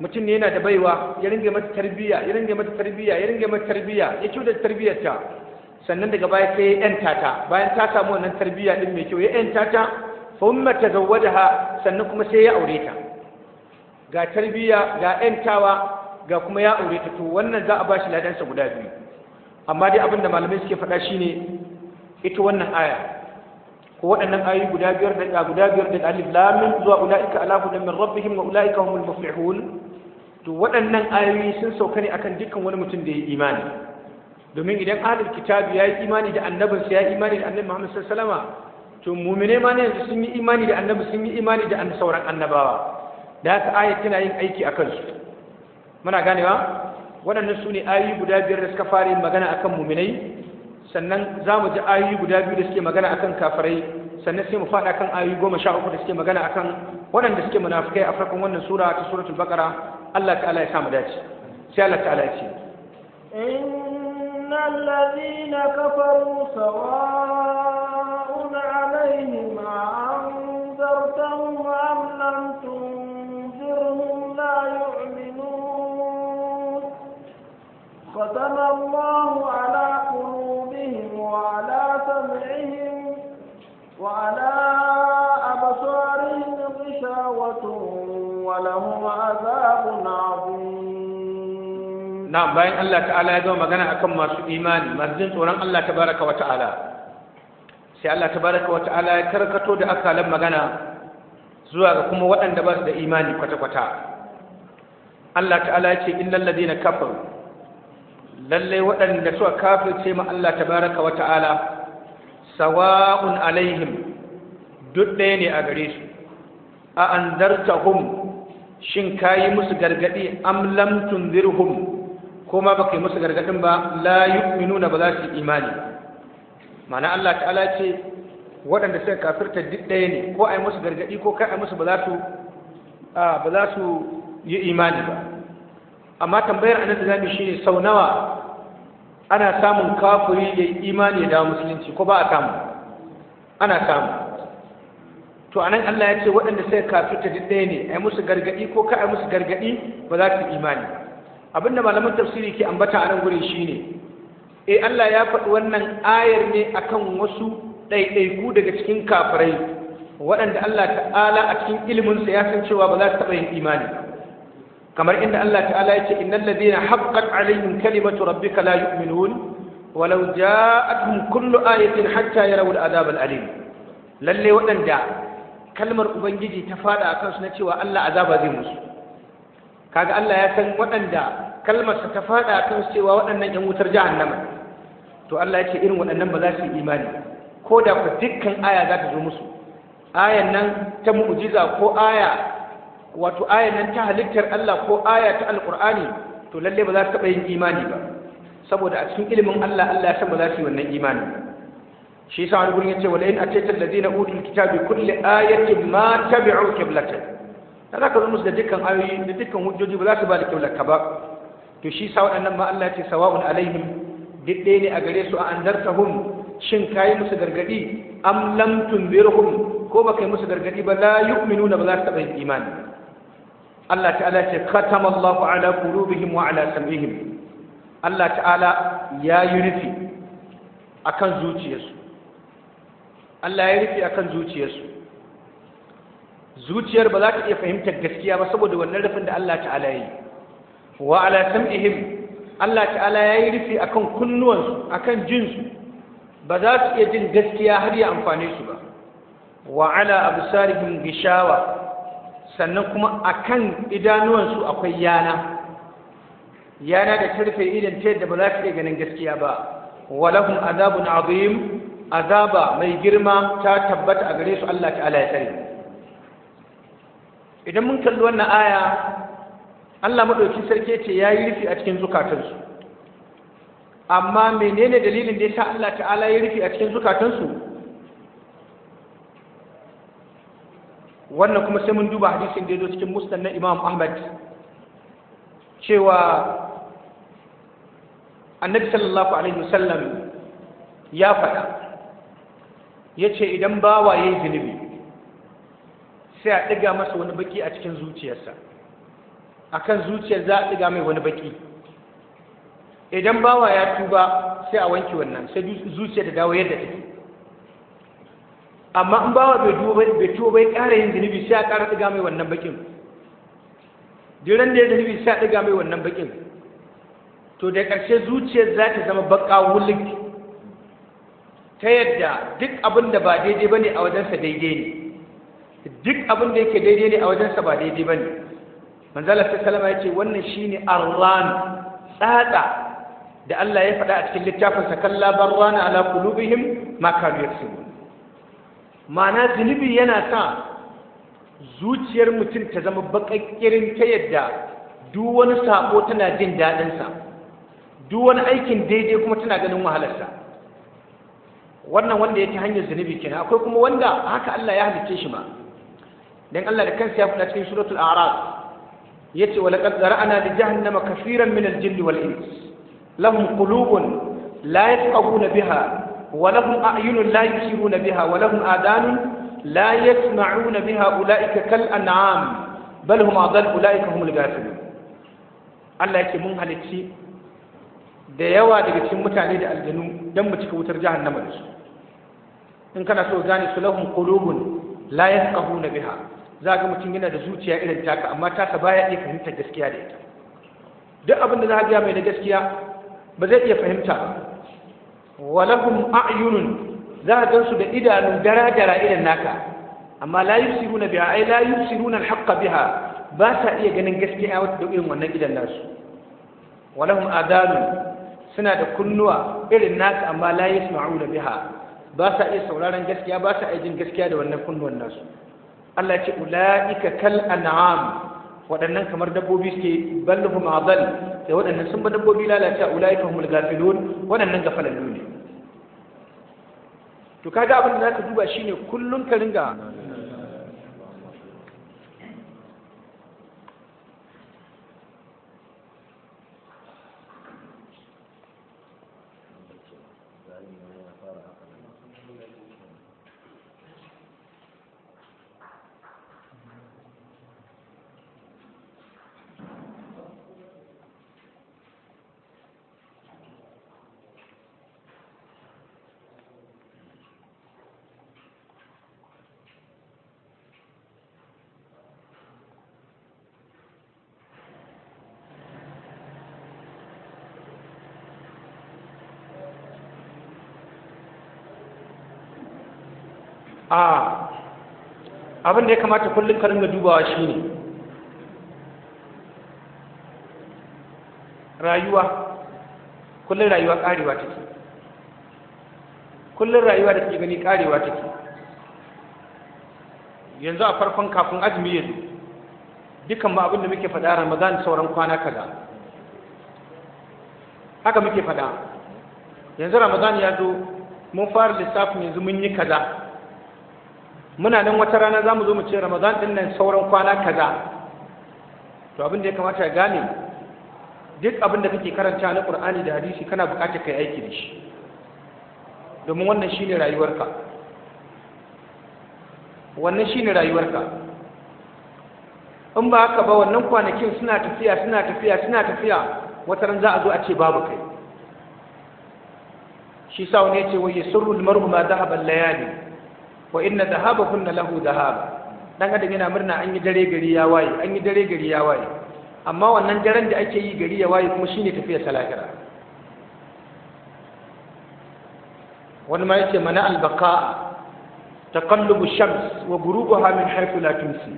mutum ne yana da baiwa ya ringa mata tarbiyya ya ringa mata tarbiyya ya ringa mata tarbiyya ya kyauta tarbiyarta sannan daga baya sai ya yanta ta bayan ta samu wannan tarbiyya din mai kyau ya yanta ta thumma tazawwajaha sannan kuma sai ya aure ta ga tarbiyya ga yantawa ga kuma ya aure ta to wannan za a ba shi ladansa guda biyu amma dai abin da malamai suke faɗa shi ne, ita wannan aya ko waɗannan ayoyi guda biyar da guda biyar da alif lam zuwa ulaika alahu hudan min rabbihim wa ulaika humul muflihun to waɗannan ayoyi sun sauka ne akan dukkan wani mutum da ya yi imani domin idan ahlul kitabi ya yi imani da annabinsa ya yi imani da annabi Muhammad sallallahu alaihi wasallam to mu'mine ma ne yanzu sun yi imani da annabi sun yi imani da sauran annabawa da haka Aya tana yin aiki a kansu muna ganewa waɗannan su ne ayoyi guda biyar da suka fara yin magana akan muminai sannan za mu ji ayoyi guda biyu da suke magana akan kafirai sannan sai mu faɗa kan ayoyi goma sha uku da suke magana akan waɗanda suke munafukai a farkon wannan sura ta suratul baqara Allah ta'ala ya samu dace sai Allah ta'ala ya ce innal ladina kafaru sawa'un alaihim zartum am lam ختم الله على قلوبهم وعلى سمعهم وعلى أبصارهم غشاوة ولهم عذاب عظيم نعم باين الله تعالى يدوم مغانا أكم ما سوء إيماني مرزين سوران الله تبارك وتعالى sai Allah tabaraka wa ta'ala ya karkato da akalan magana zuwa ga kuma waɗanda ba su da imani kwata-kwata Allah ta'ala ya ce innal ladina kafaru lallai waɗanda suka kafirce ma Allah tabaraka wa ta'ala sawa'un alaihim duk ɗaya ne a gare su a andartahum shin kayi musu gargadi am lam tunzirhum kuma baka yi musu gargadin ba la yu'minuna ba za su imani Mana Allah ta'ala ce waɗanda suka kafirta duk ɗaya ne ko a yi musu gargadi ko kai a musu ba za su yi imani ba amma tambayar anan da shi ne sau nawa ana samun kafiri da imani da musulunci ko ba a samu ana samu to anan Allah ya ce waɗanda sai kafirta ta ɗaya ne ai musu gargadi ko ka ai musu gargadi ba za su imani abinda malaman tafsiri ke ambata a nan shi ne. eh Allah ya faɗi wannan ayar ne akan wasu ɗaiɗaiku daga cikin kafirai waɗanda Allah ta'ala a cikin iliminsa ya san cewa ba za su taɓa yin imani kamar inda Allah ta'ala ya ce innal ladina haqqat alaihim kalimatu rabbika la yu'minun walau ja'atuhum kullu ayatin hatta yarawu al'adab al'alim lalle waɗanda kalmar ubangiji ta fada akan su na cewa Allah azaba zai musu kaga Allah ya san waɗanda kalmar ta fada akan su cewa waɗannan yan wutar jahannama to Allah ya ce irin waɗannan ba za su yi imani ko da ku dukkan aya za ta zo musu ayan nan ta mu'jiza ko aya wato ayan nan ta halittar Allah ko aya ta alqur'ani to lalle ba za ka taɓa yin imani ba saboda a cikin ilimin Allah Allah ya san ba za su yi wannan imani shi yasa wani gurin yace wala in atayta alladhina utul kitabi kulli ayatin ma tabi'u qiblatak da za ka zo musu da dukkan ayoyi da dukkan hujjoji ba za su ba da qiblatka ba to shi yasa waɗannan ma Allah ya ce sawa'un alaihim didde ne a gare su a andartahum shin kayi musu gargadi am lam tunbirhum ko baka yi musu gargadi ba la yu'minuna ba za su taɓa yin imani Allah ta'ala ce khatamallahu ala qulubihim wa ala sam'ihim Allah ta'ala ya yi rufi akan zuciyarsu Allah ya rufi akan zuciyarsu zuciyar ba za ta iya fahimtar gaskiya ba saboda wannan rufin da Allah ta'ala yi wa ala sam'ihim Allah ta'ala ya yi rufi akan kunnuwansu akan jinsu ba za su iya jin gaskiya har ya amfane su ba wa ala absarihim gishawa sannan kuma a kan idanuwansu akwai yana yana da karfe idan ta yadda ba za ka iya ganin gaskiya ba walahum azabun azim azaba mai girma ta tabbata a gare su Allah ta'ala ya sani. idan mun kalli wannan aya Allah madauki sarki ce ya yi rufi a cikin zukatansu amma menene dalilin da ya sa Allah ta'ala ya rufi a cikin zukatansu wannan kuma sai mun duba hadisin da ya zo cikin musnad na Imam Ahmad cewa annabi sallallahu alaihi wasallam ya faɗa ya ce idan bawa ya yi zunubi sai a ɗiga masa wani baki a cikin zuciyarsa a kan zuciyar za a ɗiga mai wani baki idan bawa ya tuba sai a wanke wannan sai zuciyar da dawo yadda take amma in bawa bai tuba bai tuba bai ƙara yin zunubi sai a ƙara ɗiga mai wannan bakin diran da ya zunubi sai a ɗiga mai wannan bakin to da ƙarshe zuciyar za ta zama baƙa wulik ta yadda duk abin da ba daidai ba ne a wajensa daidai ne duk abin da yake daidai ne a wajensa ba daidai ba ne manzala ta salama ya ce wannan shi ne arran tsatsa da Allah ya faɗa a cikin littafinsa kan labar rana ala kulubihim ma kanu ma'ana zunubi yana sa zuciyar mutum ta zama baƙaƙƙirin ta yadda duk wani sabo tana jin daɗinsa duk wani aikin daidai kuma tana ganin wahalarsa wannan wanda ya hanyar zunubi kenan akwai kuma wanda haka Allah ya halicce shi ma dan Allah da kansa ya faɗa cikin suratul a'raf yace wa laqad zara'na li jahannama kaseeran min al-jinni wal ins lahum qulubun la yafqahuna biha wa أعين لا la بها biha wa لا يسمعون بها أولئك biha بل kal أضل bal هم الغافلون Allah yake mun halicci da yawa daga cikin mutane da aljanu don mu cika wutar jahannama da su in kana so gane su lahum qulubun la yafqahuna biha za ga mutum yana da zuciya irin taka amma taka baya iya fahimtar gaskiya da ita duk abin da za ga mai da gaskiya ba zai iya fahimta ba Walahum lahum a'yunun za a gansu da idanu dara-dara irin naka amma la yusiruna biha ai la yusiruna al-haqqa biha ba sa iya ganin gaskiya wata da irin wannan idan nasu adanun suna da kunnuwa irin naka amma la yasma'una biha ba sa iya sauraron gaskiya ba sa iya jin gaskiya da wannan kunnuwan nasu Allah ce ula'ika kal an'am waɗannan kamar dabbobi suke ballahu adal sai waɗannan sun ba dabbobi lalata ulaika humul gafilun waɗannan ga falallu ne to kaga abin da zaka duba shine kullum ka ringa abin da ya kamata kullum ka ringa dubawa shine rayuwa kullum rayuwa karewa take kullum rayuwa da ke gani karewa take yanzu a farkon kafin azumi yanzu dukan ma abin da muke faɗa ramadan sauran kwana kaza haka muke faɗa yanzu ramadan ya zo mun fara lissafin yanzu mun yi kaza muna nan wata rana za mu zo mu ce ramadan din nan sauran kwana kaza to abin da ya kamata ya gane duk abin da kake karanta na qur'ani da hadisi kana buƙatar kai aiki da shi domin wannan shine rayuwarka wannan shine rayuwarka in ba haka ba wannan kwanakin suna tafiya suna tafiya suna tafiya wata ran za a zo a ce babu kai shi sa wani ya ce wa yasurru al-mar'u ma dhahaba layali wa inna dhahaba kunna lahu dhahaba dan adam yana murna an yi dare gari ya waye an yi dare gari ya waye amma wannan daren da ake yi gari ya waye kuma shine tafiya ta wani ma yace mana albaka taqallubu shams wa ghurubuha min haythu la tumsi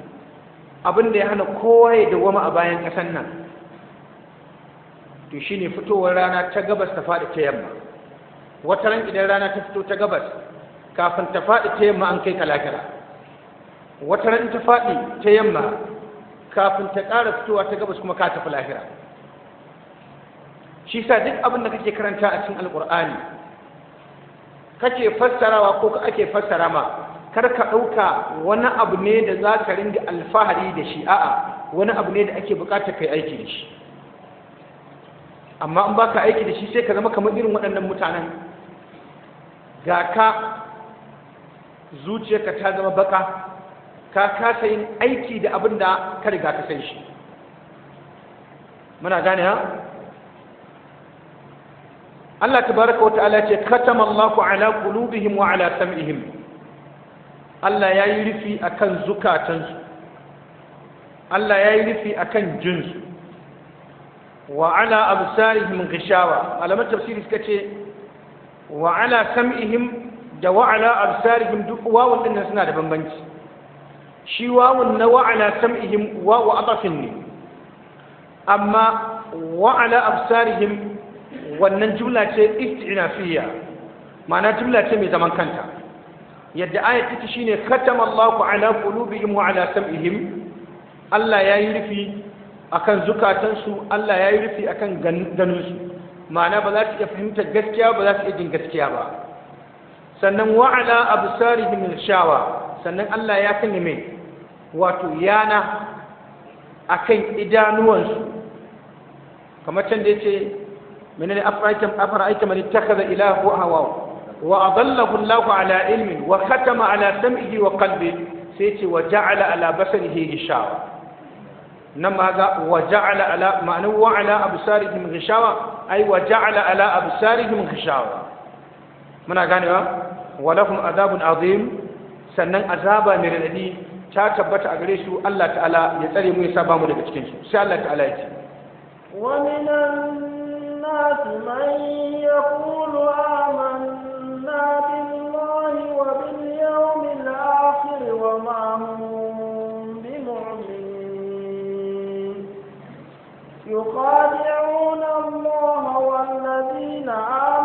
abinda ya hana kowa ya dawama a bayan kasan nan to shine fitowar rana ta gabas ta faɗi ta yamma wata ran idan rana ta fito ta gabas kafin ta faɗi ta yamma an kai lafira wata ran ta faɗi ta yamma kafin ta ƙara fitowa ta gabas kuma ka tafi lahira shi sa duk abin da kake karanta a cikin alƙur'ani kake fassarawa ko ka ake fassara ma kar ka ɗauka wani abu ne da za ka ringa alfahari da shi a'a wani abu ne da ake buƙatar kai aiki da shi amma in baka aiki da shi sai ka zama kamar irin waɗannan mutanen ga ka zuciyarka ta zama baka ka kasa yin aiki da abin da ka riga ka san shi muna gane ha Allah tabaraka wa ta'ala ce katama Allahu ala qulubihim wa ala sam'ihim Allah ya yi rufi akan zukatansu Allah ya yi rufi akan jinsu wa ala absarihim ghishawa alamar tafsiri suka ce wa ala sam'ihim da wa'ala absarihim duk wawun din suna da bambanci shi wawun na wa'ala sam'ihim wawu atafin ne amma wa'ala absarihim wannan jumla ce fiya. ma'ana jumla ce mai zaman kanta yadda ayat take shine khatama Allahu ala qulubihim wa ala sam'ihim Allah ya yi rufi akan zukatansu Allah ya yi rufi akan ganinsu ma'ana ba za su iya fahimtar gaskiya ba za su iya jin gaskiya ba sannan wa'ala absarihim shawa sannan Allah ya sanya mai wato yana akan idanuwansu kamar can da yace menene afraikam afraikam man ittakhadha ilahu hawa wa adallahu Allahu ala ilmi wa khatama ala sam'ihi wa qalbi sai ce wa ja'ala ala basarihi gishawa nan ma ga wa ja'ala ala ma'anar wa ala absarihim gishawa ai wa ja'ala ala absarihim gishawa muna ganewa walahum azabun azim sannan azaba mai radadi ta tabbata a gare su Allah ta'ala ya tsare mu ya saba mu daga cikin su sai Allah ta'ala ya ce wa minan الناس من يقول آمنا بالله وباليوم الآخر وما هم بمؤمنين يخادعون الله والذين آمنوا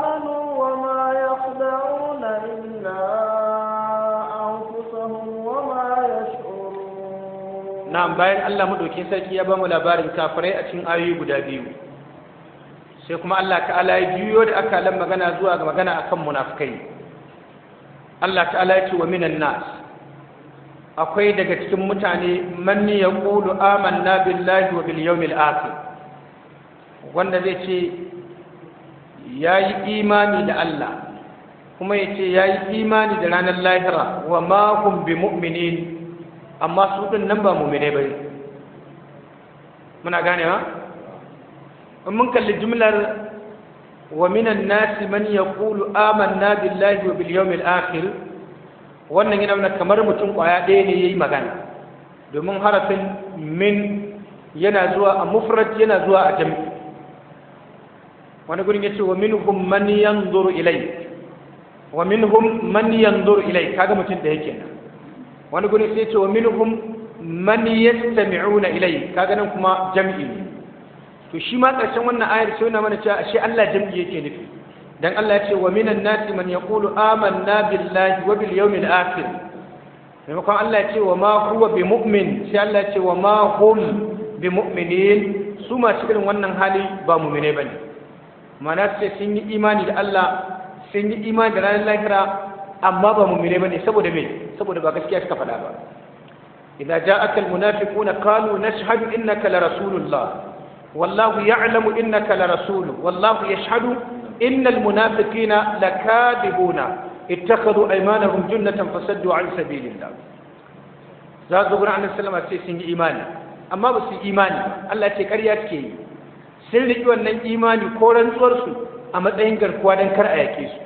na'am bayan Allah madaukin sarki ya bamu labarin kafirai a cikin ayoyi guda biyu sai kuma Allah ta'ala ya juyo da akalan magana zuwa ga magana akan munafikai Allah ta'ala ya ce wa minan nas akwai daga cikin mutane man yaqulu amanna billahi wa bil yawmil akhir wanda zai ce yayi imani da Allah kuma ya ce yayi imani da ranar lahira wa ma hum bi mu'minin amma su din nan ba mu'minai bane muna ganewa in mun kalli jumlar wa minan nasi man yaqulu amanna billahi wa bil yawmil akhir wannan yana nuna kamar mutum kwaya ɗaya ne yayi magana domin harafin min yana zuwa a mufrad yana zuwa a jam'i wani gurin ce wa minhum man yanzuru ilai wa minhum man yanzuru ilai kaga mutum da yake nan wani guri sai ce wa minhum man yastami'una ilayhi kaga nan kuma jam'i to shi ma karshen wannan ayar sai yana mana cewa ashe Allah jam'i yake nufi dan Allah ya ce wa minan nasi man yaqulu amanna billahi wa bil yawmil akhir maimakon Allah ya ce wa ma huwa bi mu'min sai Allah ya ce wa ma hum bi mu'minin su ma cikin wannan hali ba mu'mine bane ma'ana sai sun yi imani da Allah sun yi imani da ranar lahira amma ba mu'mine bane saboda me saboda ba gaskiya suka faɗa ba idza ja'aka almunafiquna qalu nashhadu innaka la rasulullah wallahu ya'lamu innaka la rasul wallahu yashhadu innal munafiqina lakadibuna ittakhadhu aymanahum junnatan fasaddu an sabilillah za su gura annabi sallallahu alaihi wasallam sai sun yi imani amma ba su imani Allah ya ce ƙarya take yi sun riƙi wannan imani ko rantsuwar su a matsayin garkuwa dan kar a yake su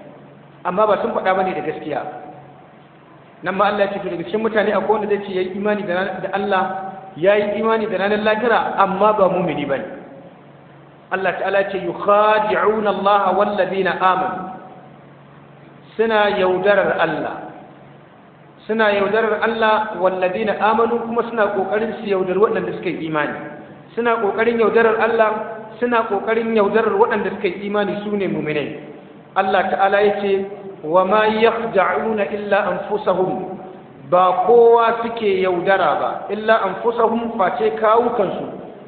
amma ba sun faɗa ba ne da gaskiya nan ma Allah ya ce to daga cikin mutane akwai wanda zai ce yi imani da Allah ya yi imani da ranar lahira amma ba mumini bane Allah ta'ala ce yukhadi'una Allah wal amanu suna yaudarar Allah suna yaudarar Allah wal amanu kuma suna kokarin su yaudar waɗanda suka yi imani suna kokarin yaudarar Allah suna kokarin yaudarar waɗanda suka yi imani sune mu'minai Allah ta'ala ya ce, wa ma yakhda'una illa anfusahum ba kowa suke yaudara ba illa anfusahum face kawukansu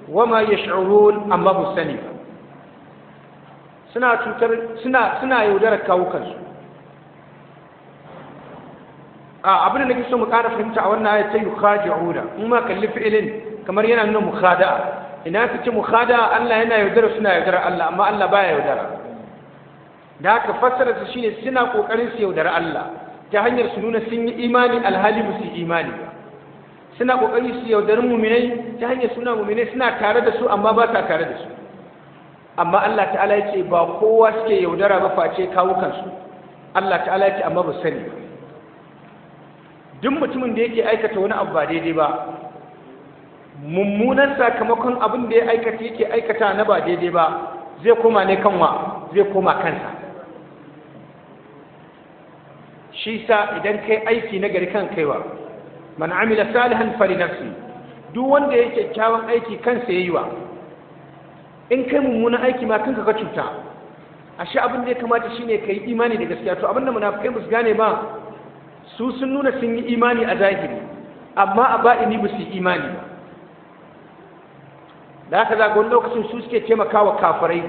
wa ma yash'urun amma bu sani suna cutar suna suna yaudara kawukansu a abin da nake so mu ƙara fahimta a wannan ayat sai yukhadi'una in ma kalli fi'ilin kamar yana nuna mukhada'a ina kace mukhada'a Allah yana yaudara suna yaudara Allah amma Allah baya yaudara da haka fassara su shine suna kokarin su yaudara Allah ta hanyar su nuna sun yi imani alhali musu imani ba suna kokari su yaudari muminai ta hanyar suna muminai suna tare da su amma ba ta tare da su amma Allah ta'ala ya ce ba kowa suke yaudara ba face kawo kansu Allah ta'ala ya ce amma ba sani ba duk mutumin da yake aikata wani abu ba daidai ba mummunan sakamakon abin da ya aikata yake aikata na ba daidai ba zai koma ne kanwa zai koma kansa shi sa idan kai aiki na gari kan kaiwa man amila salihan fari, nafsi duk wanda ya kyakkyawan aiki kansa ya yi in kai mummunan aiki ma kanka ka cuta ashe abin da ya kamata shine ka yi imani da gaskiya to abin da munafikai ba gane ba su sun nuna sun yi imani a zahiri amma a ba'ini ba su yi imani ba da haka wani lokacin su suke taimakawa kafirai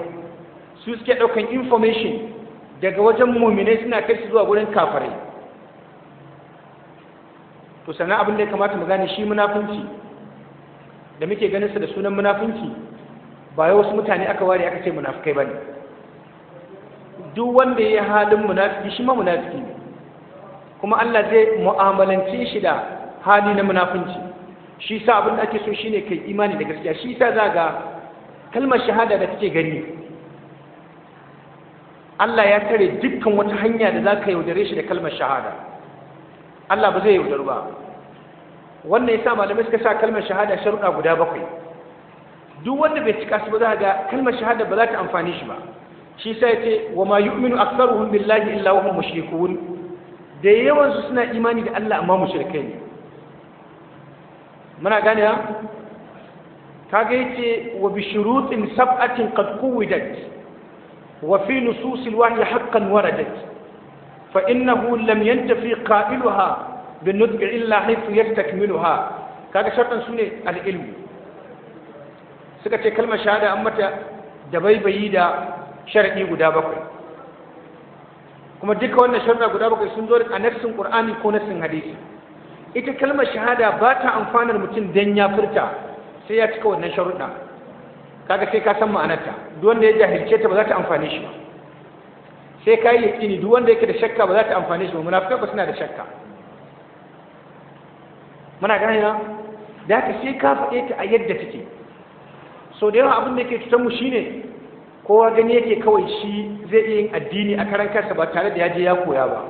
su suke ɗaukan information daga wajen muminai suna kai su zuwa gurin kafirai to sannan abin da ya kamata mu gane shi munafunci da muke ganin su da sunan munafunci ba ya wasu mutane aka ware aka ce ba bane duk wanda ya halin munafiki shi ma munafiki kuma Allah zai mu'amalance shi da hali na munafunci shi sa abin da ake so shine kai imani da gaskiya shi sa za ga kalmar shahada da take gani Allah ya tare dukkan wata hanya da za ka yaudare shi da kalmar shahada Allah ba zai yaudaru ba wannan ya yasa malamai suka sa kalmar shahada sharuɗa guda bakwai duk wanda bai cika su ba za ga kalmar shahada ba za ta amfani shi ba shi ya ce wa ma yu'minu aktsaruhum billahi illa wa hum mushrikun da yawan su suna imani da Allah amma mushrikai ne muna gane ha kage yace wa bi sab'atin qad quwidat وفي نصوص الوحي حقا وردت فإنه لم ينتفي قائلها بالنطق إلا حيث يستكملها كذا شرطا سنة العلم سكت كلمة شهادة أمتا دبي بيدا شرعي قدابك كما ديك وانا شرعي قدابك سنزور أنفس القرآن يكون نفس الحديث إيه كلمة شهادة باتا أنفان المتن دنيا فرطا سيأتك وانا شرعنا كذا سيكا سمع أنتا duk wanda ya jahilce ta ba za ta amfane shi ba sai ka yi yakini duk wanda yake da shakka ba za ta amfane shi ba munafikai ba suna da shakka muna gane na da haka sai ka faɗe ta a yadda take so da yawa abin da yake cutar mu shine kowa gani yake kawai shi zai iya yin addini a karan kansa ba tare da ya je ya koya ba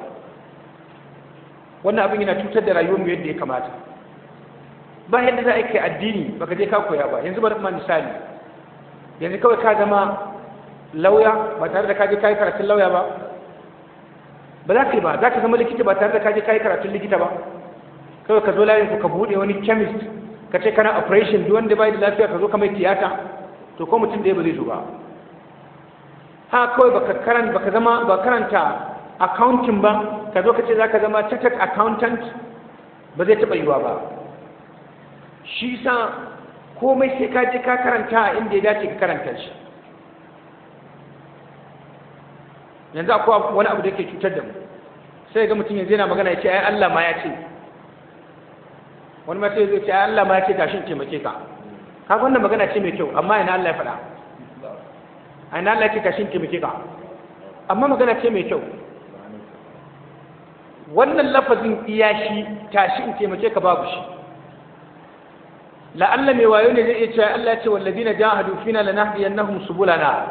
wannan abin yana cutar da rayuwar mu yadda ya kamata ba yadda za a kai addini baka je ka koya ba yanzu bari kuma misali yanzu kawai ka zama lauya ba tare da kaje kayi karatun lauya ba ba za ka yi ba za ka zama likita ba tare da kaje kayi karatun likita ba kawai ka zo layin ka buɗe wani chemist ka ce kana operation duk wanda bai da lafiya ka zo ka mai tiyata to ko mutum da ya ba zai zo ba ha kawai baka karan baka zama ba karanta accounting ba ka zo ka ce zaka zama chartered accountant ba zai taɓa yiwa ba shi sa komai sai ka je ka karanta a inda ya dace ka karanta shi yanzu akwai wani abu da yake cutar da mu sai ga mutum yanzu yana magana ya ce ai Allah ma ya ce wani mace zai ce ai Allah ma ya ce shin taimake ka ga wannan magana ce mai kyau amma ina Allah ya faɗa ina Allah ya ce shin taimake ka amma magana ce mai kyau wannan lafazin iyashi, shi tashi in taimake ka babu shi la'alla mai wayo ne zai iya cewa Allah ya ce na jahadu fina lanahdiyannahum subulana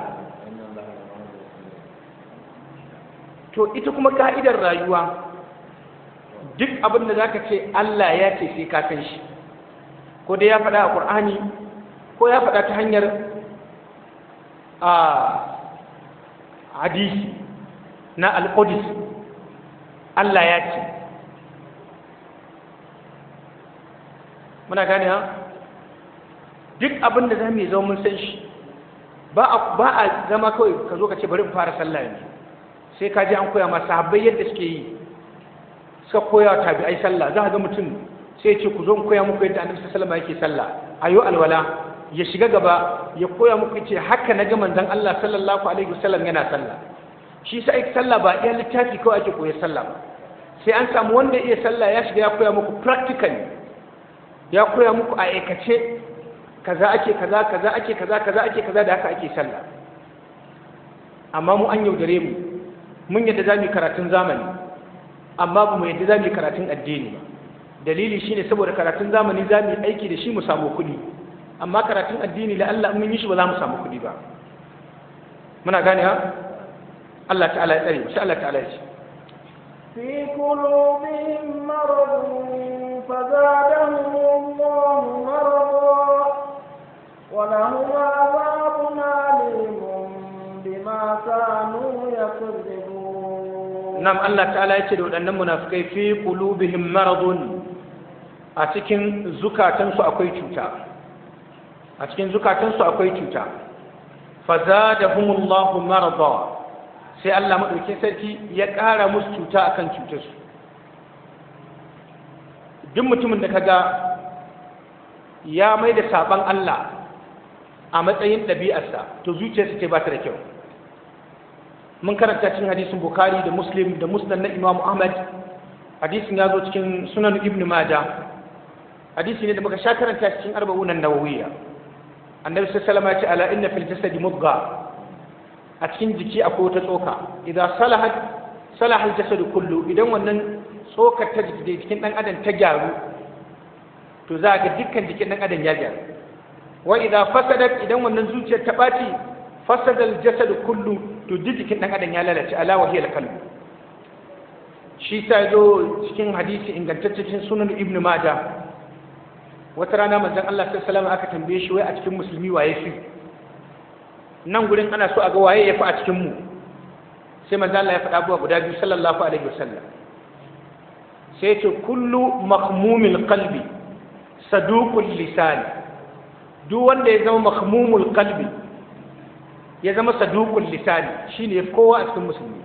to ita kuma ka'idar rayuwa duk abin da zaka ce Allah ya ce sai ka san shi ko dai ya faɗa a Qur'ani ko ya faɗa ta hanyar a hadisi na al-Qudus Allah ya ce muna gane ha duk abin da za mu yi zama mun san shi ba a zama kawai ka zo ka ce bari in fara sallah yanzu sai ka je an koya ma sahabbai yadda suke yi suka koya wa tabi'ai sallah za ka ga mutum sai ce ku zo mu koya muku yadda annabi sallallahu alaihi yake sallah ayo alwala ya shiga gaba ya koya muku ce haka na ga manzon Allah sallallahu alaihi wasallam yana sallah shi sa ake sallah ba iya littafi kawai ake koyar sallah ba sai an samu wanda iya sallah ya shiga ya koya muku practically ya koya muku a aikace kaza ake kaza kaza ake kaza kaza ake kaza da haka ake sallah amma mu an yaudare mu mun yadda zamu karatun zamani amma ba mu yadda zamu karatun addini ba dalili shine saboda karatun zamani za mu aiki da shi mu samu kuɗi amma karatun addini la Allah mun yi shi ba za mu samu kuɗi ba muna gane ha Allah ta'ala ya tsare insha Allah ta'ala ya ce fi qulubihim maradun fazadahum Allah marada ولهم عذاب أليم بما كانوا يكذبون نعم الله تعالى يتدعو أن المنافقين في قلوبهم مرض a cikin zukatansu akwai cuta a cikin zukatansu akwai cuta faza da humullahu maradawa sai Allah maɗaukin sarki ya ƙara musu cuta akan cutarsu duk mutumin da ka ga ya mai da saɓan Allah a matsayin ɗabi'arsa to zuciyarsa ce ba ta da kyau mun karanta cikin hadisin bukhari da muslim da musnad na imam ahmad hadisin ya zo cikin sunan ibn maja hadisi ne da muka sha karanta cikin arba'unan nawawiyya annabi sallallahu alaihi wasallam ya ce ala inna fil jasadi mudgha a cikin jiki akwai wata tsoka idan salahat salah al jasad kullu idan wannan tsokar ta jikin dan adam ta gyaru to za ga dukkan jikin dan adam ya gyaru wa idza fasadat idan wannan zuciyar ta ɓaci fasada al-jasad kullu to duk jikin dan adam ya lalace ala wa hiya al shi ta zo cikin hadisi ingantacce cikin sunan ibn majah wata rana manzon Allah sallallahu alaihi aka tambaye shi wai a cikin musulmi waye shi nan gurin ana so a ga waye ya fi a cikin mu sai maza Allah ya faɗa abuwa guda biyu sallallahu alaihi wasallam sai ce kullu makhmumil qalbi saduqul lisani duk wanda ya zama mahmumul kalbi ya zama sadukul lisani shine yafi kowa a cikin musulmi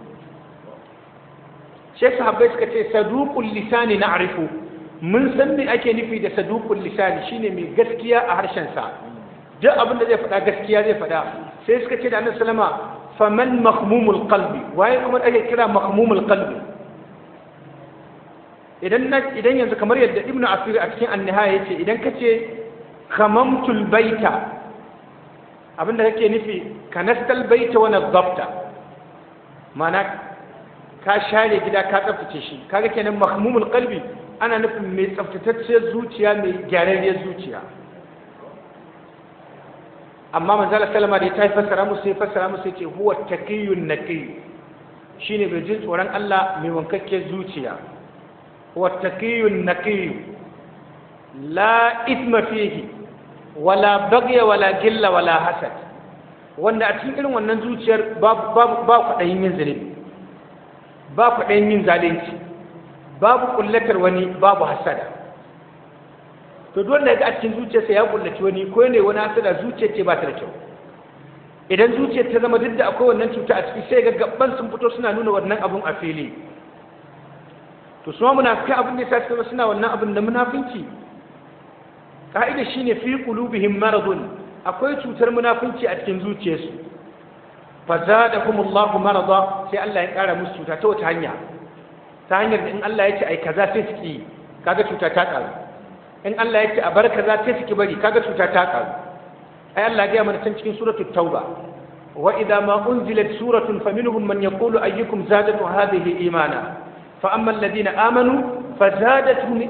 sai sahabbai suka ce sadukul lisani na arifu mun san me ake nufi da sadukul lisani shine mai gaskiya a harshen sa duk abin da zai faɗa gaskiya zai faɗa sai suka ce da annabi sallama faman mahmumul qalbi waye kuma ake kira mahmumul qalbi idan idan yanzu kamar yadda ibnu asir a cikin annihaya yace idan ka ce. khamamtul baita abinda yake nufi kanastal baita wa nadhabta mana ka share gida ka tsaftace shi kaga kenan mahmumul qalbi ana nufin mai tsaftatacciyar zuciya mai gyararriyar zuciya amma manzala sallama da ya tafi fassara musu ya fassara musu ce huwa taqiyun naqi shine bai jin tsoron Allah mai wankakke zuciya huwa taqiyun naqi la ithma fihi wala bagya wala gilla wala hasad wanda a cikin irin wannan zuciyar ba kwaɗayin yin zunubi ba kwaɗayin yin zalunci babu kullatar wani babu hasada to dole daga a cikin zuciyarsa ya kullaci wani ko ne wani hasada zuciyar ce ba ta da kyau idan zuciyar ta zama duk da akwai wannan cuta a ciki sai ga gaban sun fito suna nuna wannan abun a fili to suma muna munafikai abin da ya sa suna wannan abin da munafinci ka'ida shine fi qulubihim maradun akwai cutar munafunci a cikin zuciyarsu fazadakum Allahu marada sai Allah ya kara musu cuta ta wata hanya ta hanyar in Allah ya ce ai kaza sai suki kaga cuta ta karu in Allah ya ce a bar kaza sai suki bari kaga cuta ta karu ai Allah ya mana cikin suratul tauba wa idza ma unzilat suratun faminhum man yaqulu ayyukum zadatu hadhihi imana fa amma alladhina amanu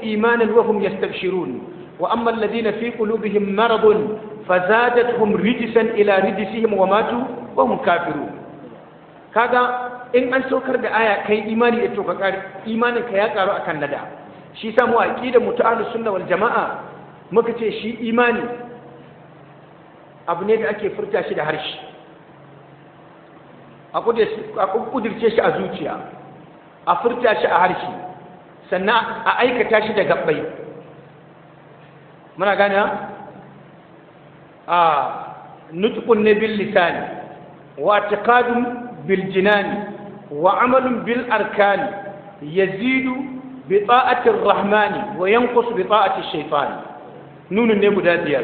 imanan wa hum yastabshirun وأما الذين في قلوبهم مرض فزادتهم رجسا إلى رجسهم وماتوا وهم Ka ga in an saukar da aya kai imani ya toka kare ka ya karu akan nada shi sa mu aqida mu ta sunna wal jamaa muka ce shi imani abu ne da ake furta shi da harshe a kudirce shi a zuciya a furta shi a harshe sannan a aikata shi da gabbai muna gane a nutqun ne bil lisani wa i'tiqadun bil jinani wa amalun bil arkani yazidu bi ta'ati rahmani wa yanqus bi ta'ati shaytani nunun ne guda biyar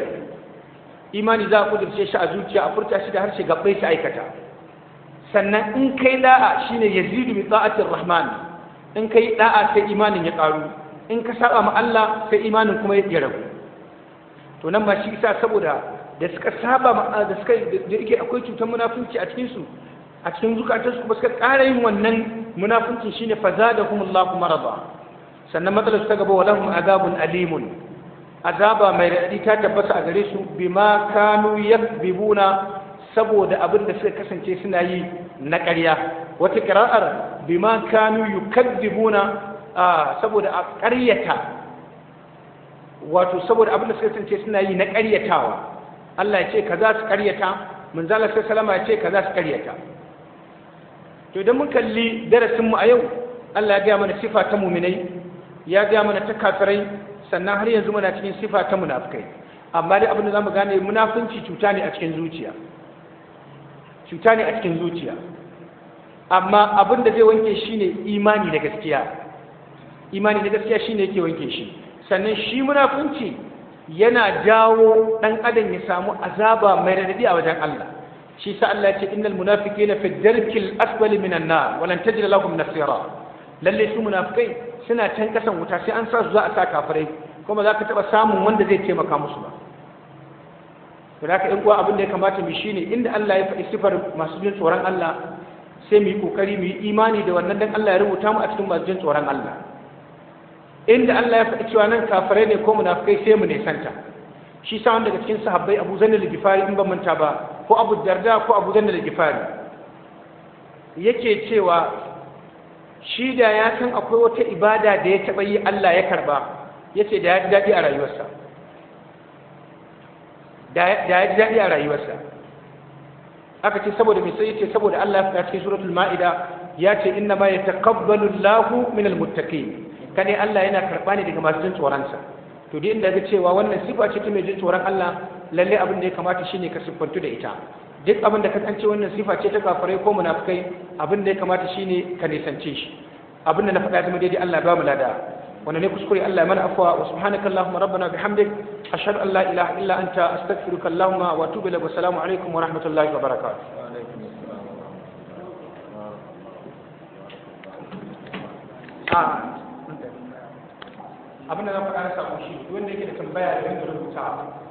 imani za a kudurce shi a zuciya a furta shi da harshe gabbai su aikata sannan in kai da'a shine yazidu bi ta'ati rahmani in kai da'a sai imanin ya karu in ka saba ma Allah sai imanin kuma ya ragu to nan ma shi isa saboda da suka saba ma da suka da yake akwai cutar munafunci a cikin su a cikin zukatansu ba suka ƙara yin wannan munafunci shine fazadahum Allahu marada sannan matsalar ta gaba walahum azabun alimun azaba mai radi ta tabbata a gare su bima kanu yakbibuna saboda abin da suka kasance suna yi na ƙarya wata ƙira'ar bima kanu yukaddibuna saboda a ƙaryata wato saboda abin da suka sance suna yi na ƙaryatawa Allah ya ce ka za su ƙaryata zala sai salama ya ce ka za su ƙaryata to idan mun kalli darasin mu a yau Allah ya gaya mana sifa ta muminai ya gaya mana ta kafirai sannan har yanzu muna cikin sifa ta munafikai amma dai abin da zamu gane munafunci cuta ne a cikin zuciya cuta ne a cikin zuciya amma abin da zai wanke shi ne imani da gaskiya imani da gaskiya shi ne yake wanke shi sannan shi munafunci yana jawo ɗan adam ya samu azaba mai radadi a wajen Allah shi sa Allah ya ce innal munafiqina fi darkil asfali minan nar walan tajid lahum nasira lalle su munafikai suna can kasan wuta sai an sa su za a sa kafirai kuma za ka taɓa samun wanda zai taimaka musu ba to da ka uwa abin da ya kamata mu ne, inda Allah ya faɗi sifar masu jin tsoron Allah sai mu yi kokari mu yi imani da wannan dan Allah ya rubuta mu a cikin masu jin tsoron Allah inda Allah ya faɗi cewa nan kafirai ne ko munafikai sai mu nisanta shi sa wanda daga cikin sahabbai Abu Zanna al-Gifari in ban manta ba ko Abu Darda ko Abu Zanna al-Gifari yake cewa shi da ya san akwai wata ibada da ya taɓa yi Allah ya karba yace da ya ji dadi a rayuwarsa da ya ji daɗi a rayuwarsa aka ce saboda mai sai yace saboda Allah ya faɗa cikin suratul Ma'ida ya ce inna ma yataqabbalu Allahu minal muttaqin kadai Allah yana karɓa ne daga masu jin tsoronsa to duk inda ga cewa wannan sifa ce ta mai jin tsoron Allah lalle abin da ya kamata shine ka siffantu da ita duk abin da ka tsance wannan sifa ce ta kafirai ko munafikai abin da ya kamata shine ka nisance shi abin da na faɗa zama daidai Allah ba mu lada wanda ne kuskure Allah mana afwa wa subhanaka allahumma rabbana bihamdik ashhadu an la ilaha illa anta astaghfiruka allahumma wa atubu ilaik wa assalamu alaikum wa rahmatullahi wa barakatuh Ah. Uh -huh. abin da na faɗa na samu shi wanda yake da tambaya da yin rubuta